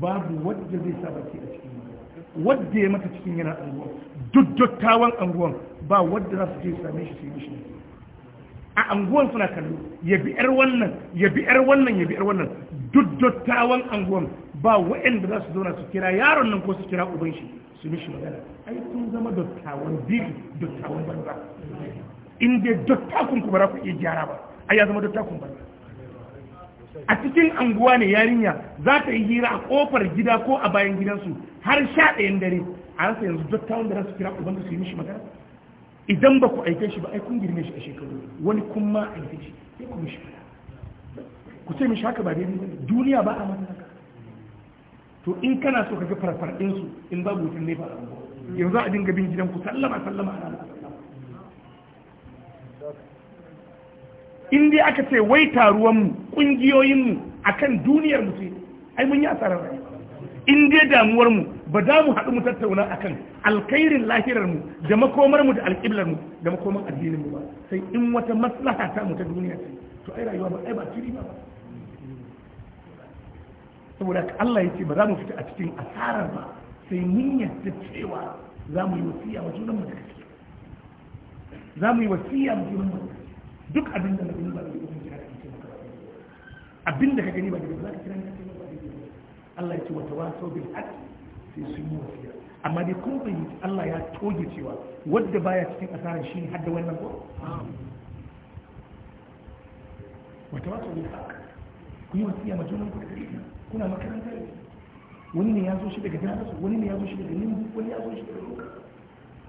babu wadda zai sa baki a cikin wadda ya mata cikin yana anguwar duk dattawan anguwar ba wadda za su je same shi su yi mishi a anguwan suna kallo ya bi yar wannan ya bi yar wannan ya bi yar wannan duk dattawan anguwan ba wa'anda za su zauna su kira yaron nan ko su kira uban shi su mishi magana ai kun zama dattawan biyu dattawan banza in dai dattakun ku ba za ku iya gyara ba ai ya zama dattakun banza a cikin anguwa ne yarinya za ta yi hira a kofar gida ko a bayan gidansu har sha ɗayan dare a rasa yanzu dattawan da za su kira banza su yi mishi magana idan ba ku aike shi ba ai kun girme shi a shekaru wani kun ma aike shi sai ku mishi ku ce mishi haka ba daidai ba duniya ba a mata to in kana so ka ga farfarɗin su in ba mutum ne ba yau za a dinga bin gidan ku sallama sallama in dai aka ce wai taruwan mu kungiyoyin mu akan duniyar mu ce ai mun yi asarar rai in dai damuwar mu ba za mu haɗu mu tattauna akan alkhairin lahirar mu da makomar mu da alƙiblar mu da makomar addinin mu ba sai in wata maslaha ta mu ta duniya ce to ai rayuwa ba ai ba tiri ba saboda Allah ya ce ba za mu fita a cikin asarar ba sai mun yadda cewa za mu yi wasiya wa junan mu da gaske za mu yi wasiya wa junan mu duk abin da na gani ba zai ubangiji kira ka ce maka abin da ka gani ba da za ka kira ka ce maka Allah ya ce wa tawasau bil haqqi sai sun yi wasiya amma dai kun fahimci Allah ya toge cewa wadda baya cikin asarar ne hadda wannan ko wa tawasau bil haqqi ku yi wasiya ma junan ku da kake kuna makaranta ne wani ne ya zo shi daga jihar wani ne ya zo shi daga limbu wani ya zo shi daga roka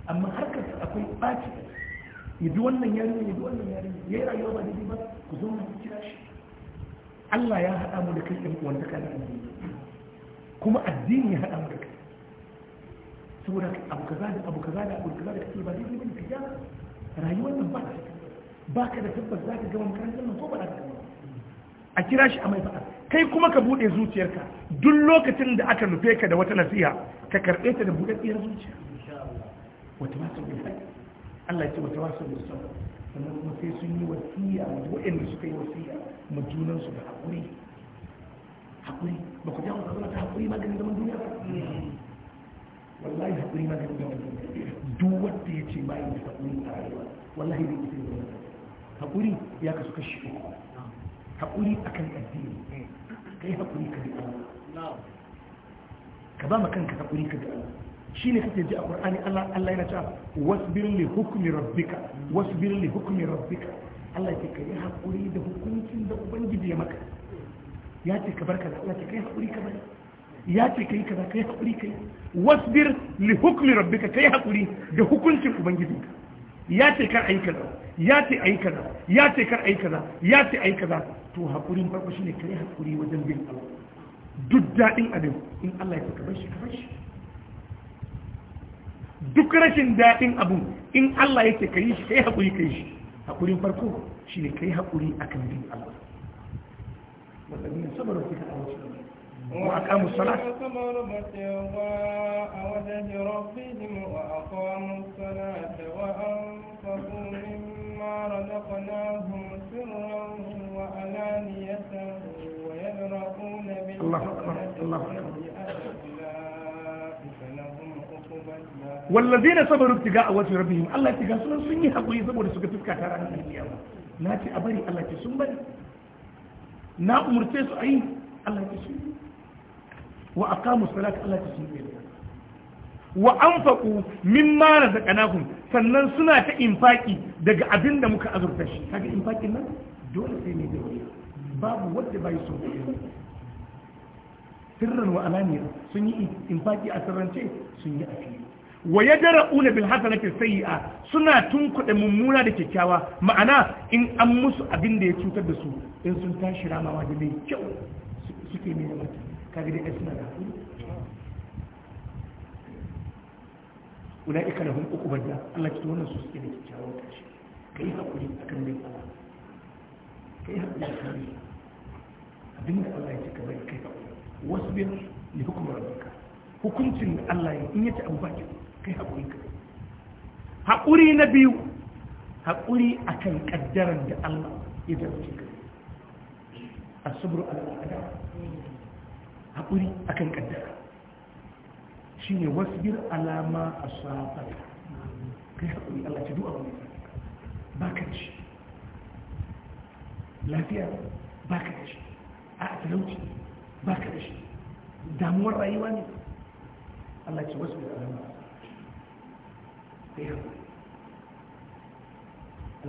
amma harkar akwai ɓaci ya bi wannan yarinya ya bi wannan yarinya ya yi rayuwa ba daidai ba ku zo ku kira shi Allah ya haɗa mu da kai ɗan uwan ta kana kuma addini ya haɗa mu da kai saboda abu kaza da abu kaza da abu kaza da kake ba daidai ba ne ka gyara rayuwar nan ba ka da tabbas za ka gama makarantar nan ko ba za ka gama a kira shi a mai faɗa kai kuma ka buɗe zuciyarka duk lokacin da aka nufe ka da wata nasiha ka karɓe ta da buɗaɗɗiyar zuciya wata wasu Allah ya ce wata wasu musamman sannan kuma sai sun yi wasiya waɗanda suka yi wasiya ma junansu da haƙuri haƙuri ba ku jawo zaune ta haƙuri maganin zaman duniya ba wallahi haƙuri maganin zaman duniya duk wanda ya ce bayan da haƙuri a rayuwa wallahi bai isa yi haƙuri ya kasu kashi uku haƙuri a kan addini kai haƙuri ka bi ka ba kanka haƙuri ka bi Allah shi ne kake ji a ƙwar'ani Allah yana cewa birin li hukmi rabbika birin li hukmi rabbika Allah ya ce ka yi haƙuri da hukuncin da ubangiji ya maka ya ce ka bar kaza Allah ce ka yi haƙuri ka bari ya ce ka yi kaza ka yi haƙuri ka yi wasbir li hukmi rabbika ka yi haƙuri da hukuncin ubangijinka ya ce kar a yi kaza ya ce a yi kaza ya ce kar a yi kaza ya ce a yi kaza to haƙurin farko shine ka yi haƙuri wajen bin Allah duk daɗin abin in Allah ya ka bar shi ka bar shi duk rashin daɗin abu in Allah ya ce ka yi shi ka yi haƙuri ka yi shi haƙurin farko shine ka yi haƙuri akan bin Allah wadannan sabar wasu ka awaci وأقاموا الصلاة وأقاموا الصلاة وأنفقوا مما رزقناهم سرا وألانية ويبرقون بالحسنة لهم عقبى والذين صبروا ابتغاء وجه ربهم الله ابتغاء سنة سنة حقوية صبروا سكة تفكى تاران اليوم ناتي أبري الله تسنبر نا أمر تيسو أين الله تسنبر وأقاموا الصلاة الله تسنبر وأنفقوا مما رزقناهم sannan suna ta infaki daga abin da muka azurta shi kaga infakin nan dole sai ne da babu wanda bai so sirran wa alaniya sun yi infaki a sirrance sun yi a fili wa yadra'una bil hasanati sayi'a suna tunkuɗe mummuna da kyakkyawa ma'ana in an musu abin da ya cutar da su in sun tashi ramawa da mai kyau suke mai mata kaga dai suna da hakuri ulaika lahum uqbal da Allah ki wannan su suke da kyakkyawan kashi kai hakuri akan bin Allah kai hakuri akan bin abinda Allah ya ce ka bari kai wasbir li hukmi rabbika hukuncin Allah ya in yace abu baki kai hakuri ka hakuri na biyu hakuri akan kaddaran da Allah ya dace ka asbru ala qadar hakuri akan kaddara shine wasbir alama asaba kai hakuri Allah ci du'a baka ci lafiya baka ci a talauci baka ci damuwar rayuwa ne Allah ci wasbir alama kai hakuri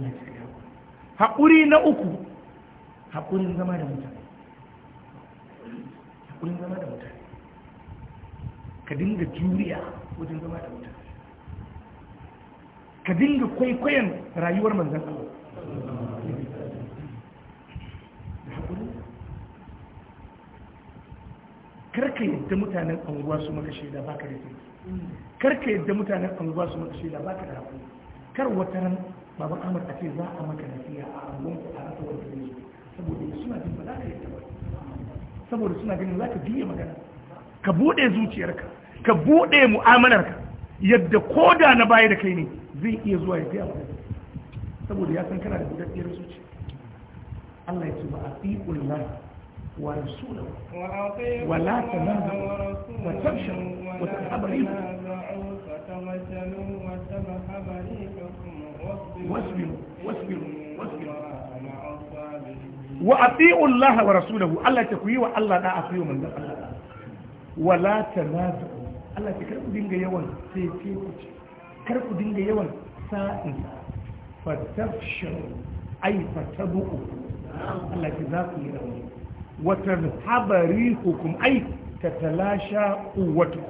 Allah ci kai hakuri haƙuri na uku haƙurin zama da mutane haƙurin zama da mutane ka dinga juriya wajen zama da mutane ka dinga kwaikwayon rayuwar manzan Allah karka yadda mutanen anguwa su maka shaida ba da rikin karka yadda mutanen anguwa su maka shaida ba ka da haƙuri, kar wata ran baban amur a ce za a maka nasiya a angon ku a rasa wanda ne saboda suna jin ba za ka yadda ba saboda suna ganin za ka biya magana ka buɗe zuciyarka ka buɗe mu'amalarka yadda ko da na baya da kai ne zai iya zuwa ya gaya maka saboda ya san kana da buɗaɗɗiyar zuciya Allah ya ce ba a fi ƙullar wa rasulahu wa la tanazu wa tabshu wa tahabri wa wasbiru wasbiru wa ati'u Allah wa rasulahu Allah ya ce ku yi wa Allah da a fi manzon Allah wala ta tanazu Allah ce kar ku dinga yawan sai ce ku ce kar ku dinga yawan sa'in fatafsharu ai fatabuku Allah ce za ku yi rauni wata habari hukum ai ta talasha uwatu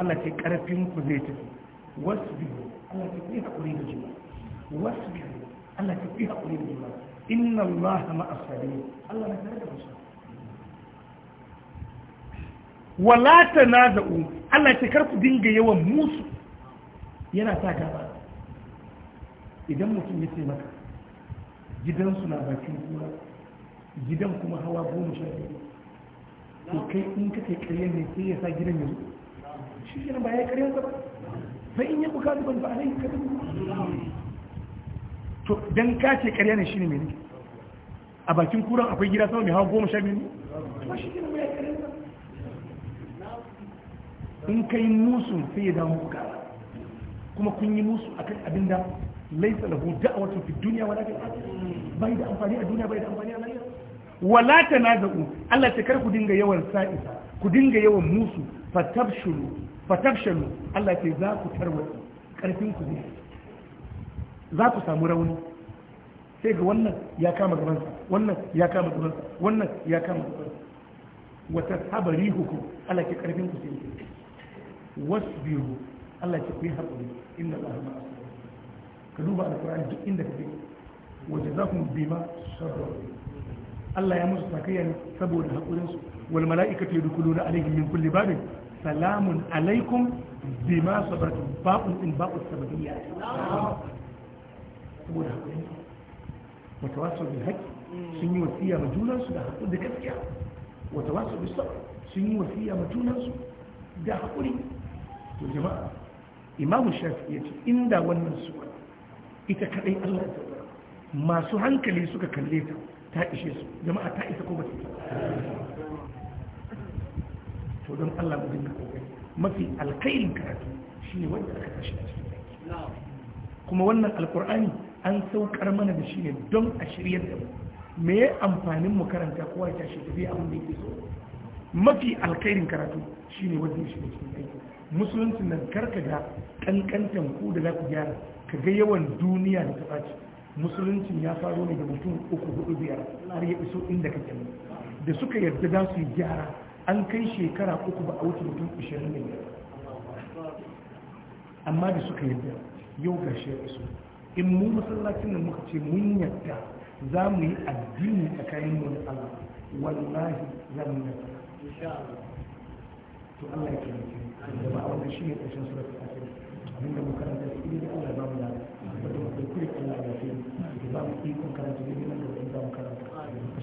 Allah ce karfin ku zai tafi wasbi Allah ce ku yi hakuri da jima wasbi Allah ce ku yi hakuri da jima inna Allah ma'a sabi Allah na tare da musu wala za'u, Allah ce kar ku dinga yawan musu yana sa gaba idan mutum ya ce maka gidansu na bakin kura gidan kuma hawa goma sha biyu to kai in ka kai karyar ne sai ya sa gidan yanzu shi kenan ba ya karyar ba sai in ya buka zuban ba alai ka to dan ka ce karya ne shi mai mene a bakin kuran akwai gida sama mai hawa goma sha biyu ne ba shi kenan ba ya karyar in ka yi musu sai ya damu ka kuma kun yi musu akan abin da laisa lahu da'watu fi dunya wala fil bai da amfani a duniya bai da amfani a lahira wala tanaza'u Allah ta karku dinga yawan sa'isa ku dinga yawan musu fatabshulu fatabshulu Allah ce za ku tarwa karfin ku ne za ku samu rauni sai ga wannan ya kama gabansa wannan ya kama gabansa wannan ya kama gabansa wata sabari hukum Allah ke karfin ku sai واصبروا الله يكفي هبل ان الله مع الصابرين كذوب على القران دي عندك دي وجزاكم بما صبروا الله يا مصطفى كي سبوا هبلهم والملائكه يدخلون عليهم من كل باب سلام عليكم بما صبرتم باب من باب الصبرية وتواصل بالحق سنة وثية مجونة سنة حقود دكتك وتواصل بالصبر سنة وثية مجونة سنة حقود دكتك to jama'a imamu shafi ya ce inda wannan suka, ita kadai allah ta masu hankali suka kalle ta ta ishe su jama'a ta isa ko ba ta to don allah mu dinga kokari mafi alkairin karatu shine wanda aka tashi a cikin aiki kuma wannan alkur'ani an saukar mana da shi ne don a shiryar da mu me ya amfanin mu karanta kowa ya tashi tafiya abin da yake so mafi alkairin karatu shi ne wanda ya shiga cikin aiki musulunci nan karka ga kankantan ku da za ku gyara ka ga yawan duniya da ta ɓaci musuluncin ya faro ne da mutum uku hudu biyar har ya iso inda ka ne da suka yarda za su yi gyara an kai shekara uku ba a wuce mutum ishirin biyar amma da suka yarda yau ga shi ya iso in mu masallacin nan muka ce mun yarda za mu yi addini tsakanin mu da Allah wallahi za mu yarda to Allah ya kiyaye da ba wannan shi ne ƙarshen suratul fatir abin da muka karanta shi ne Allah ba mu da da kuri Allah da fi ba mu ikon karanta ne da ba mu karanta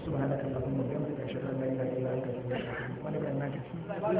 subhanaka allahumma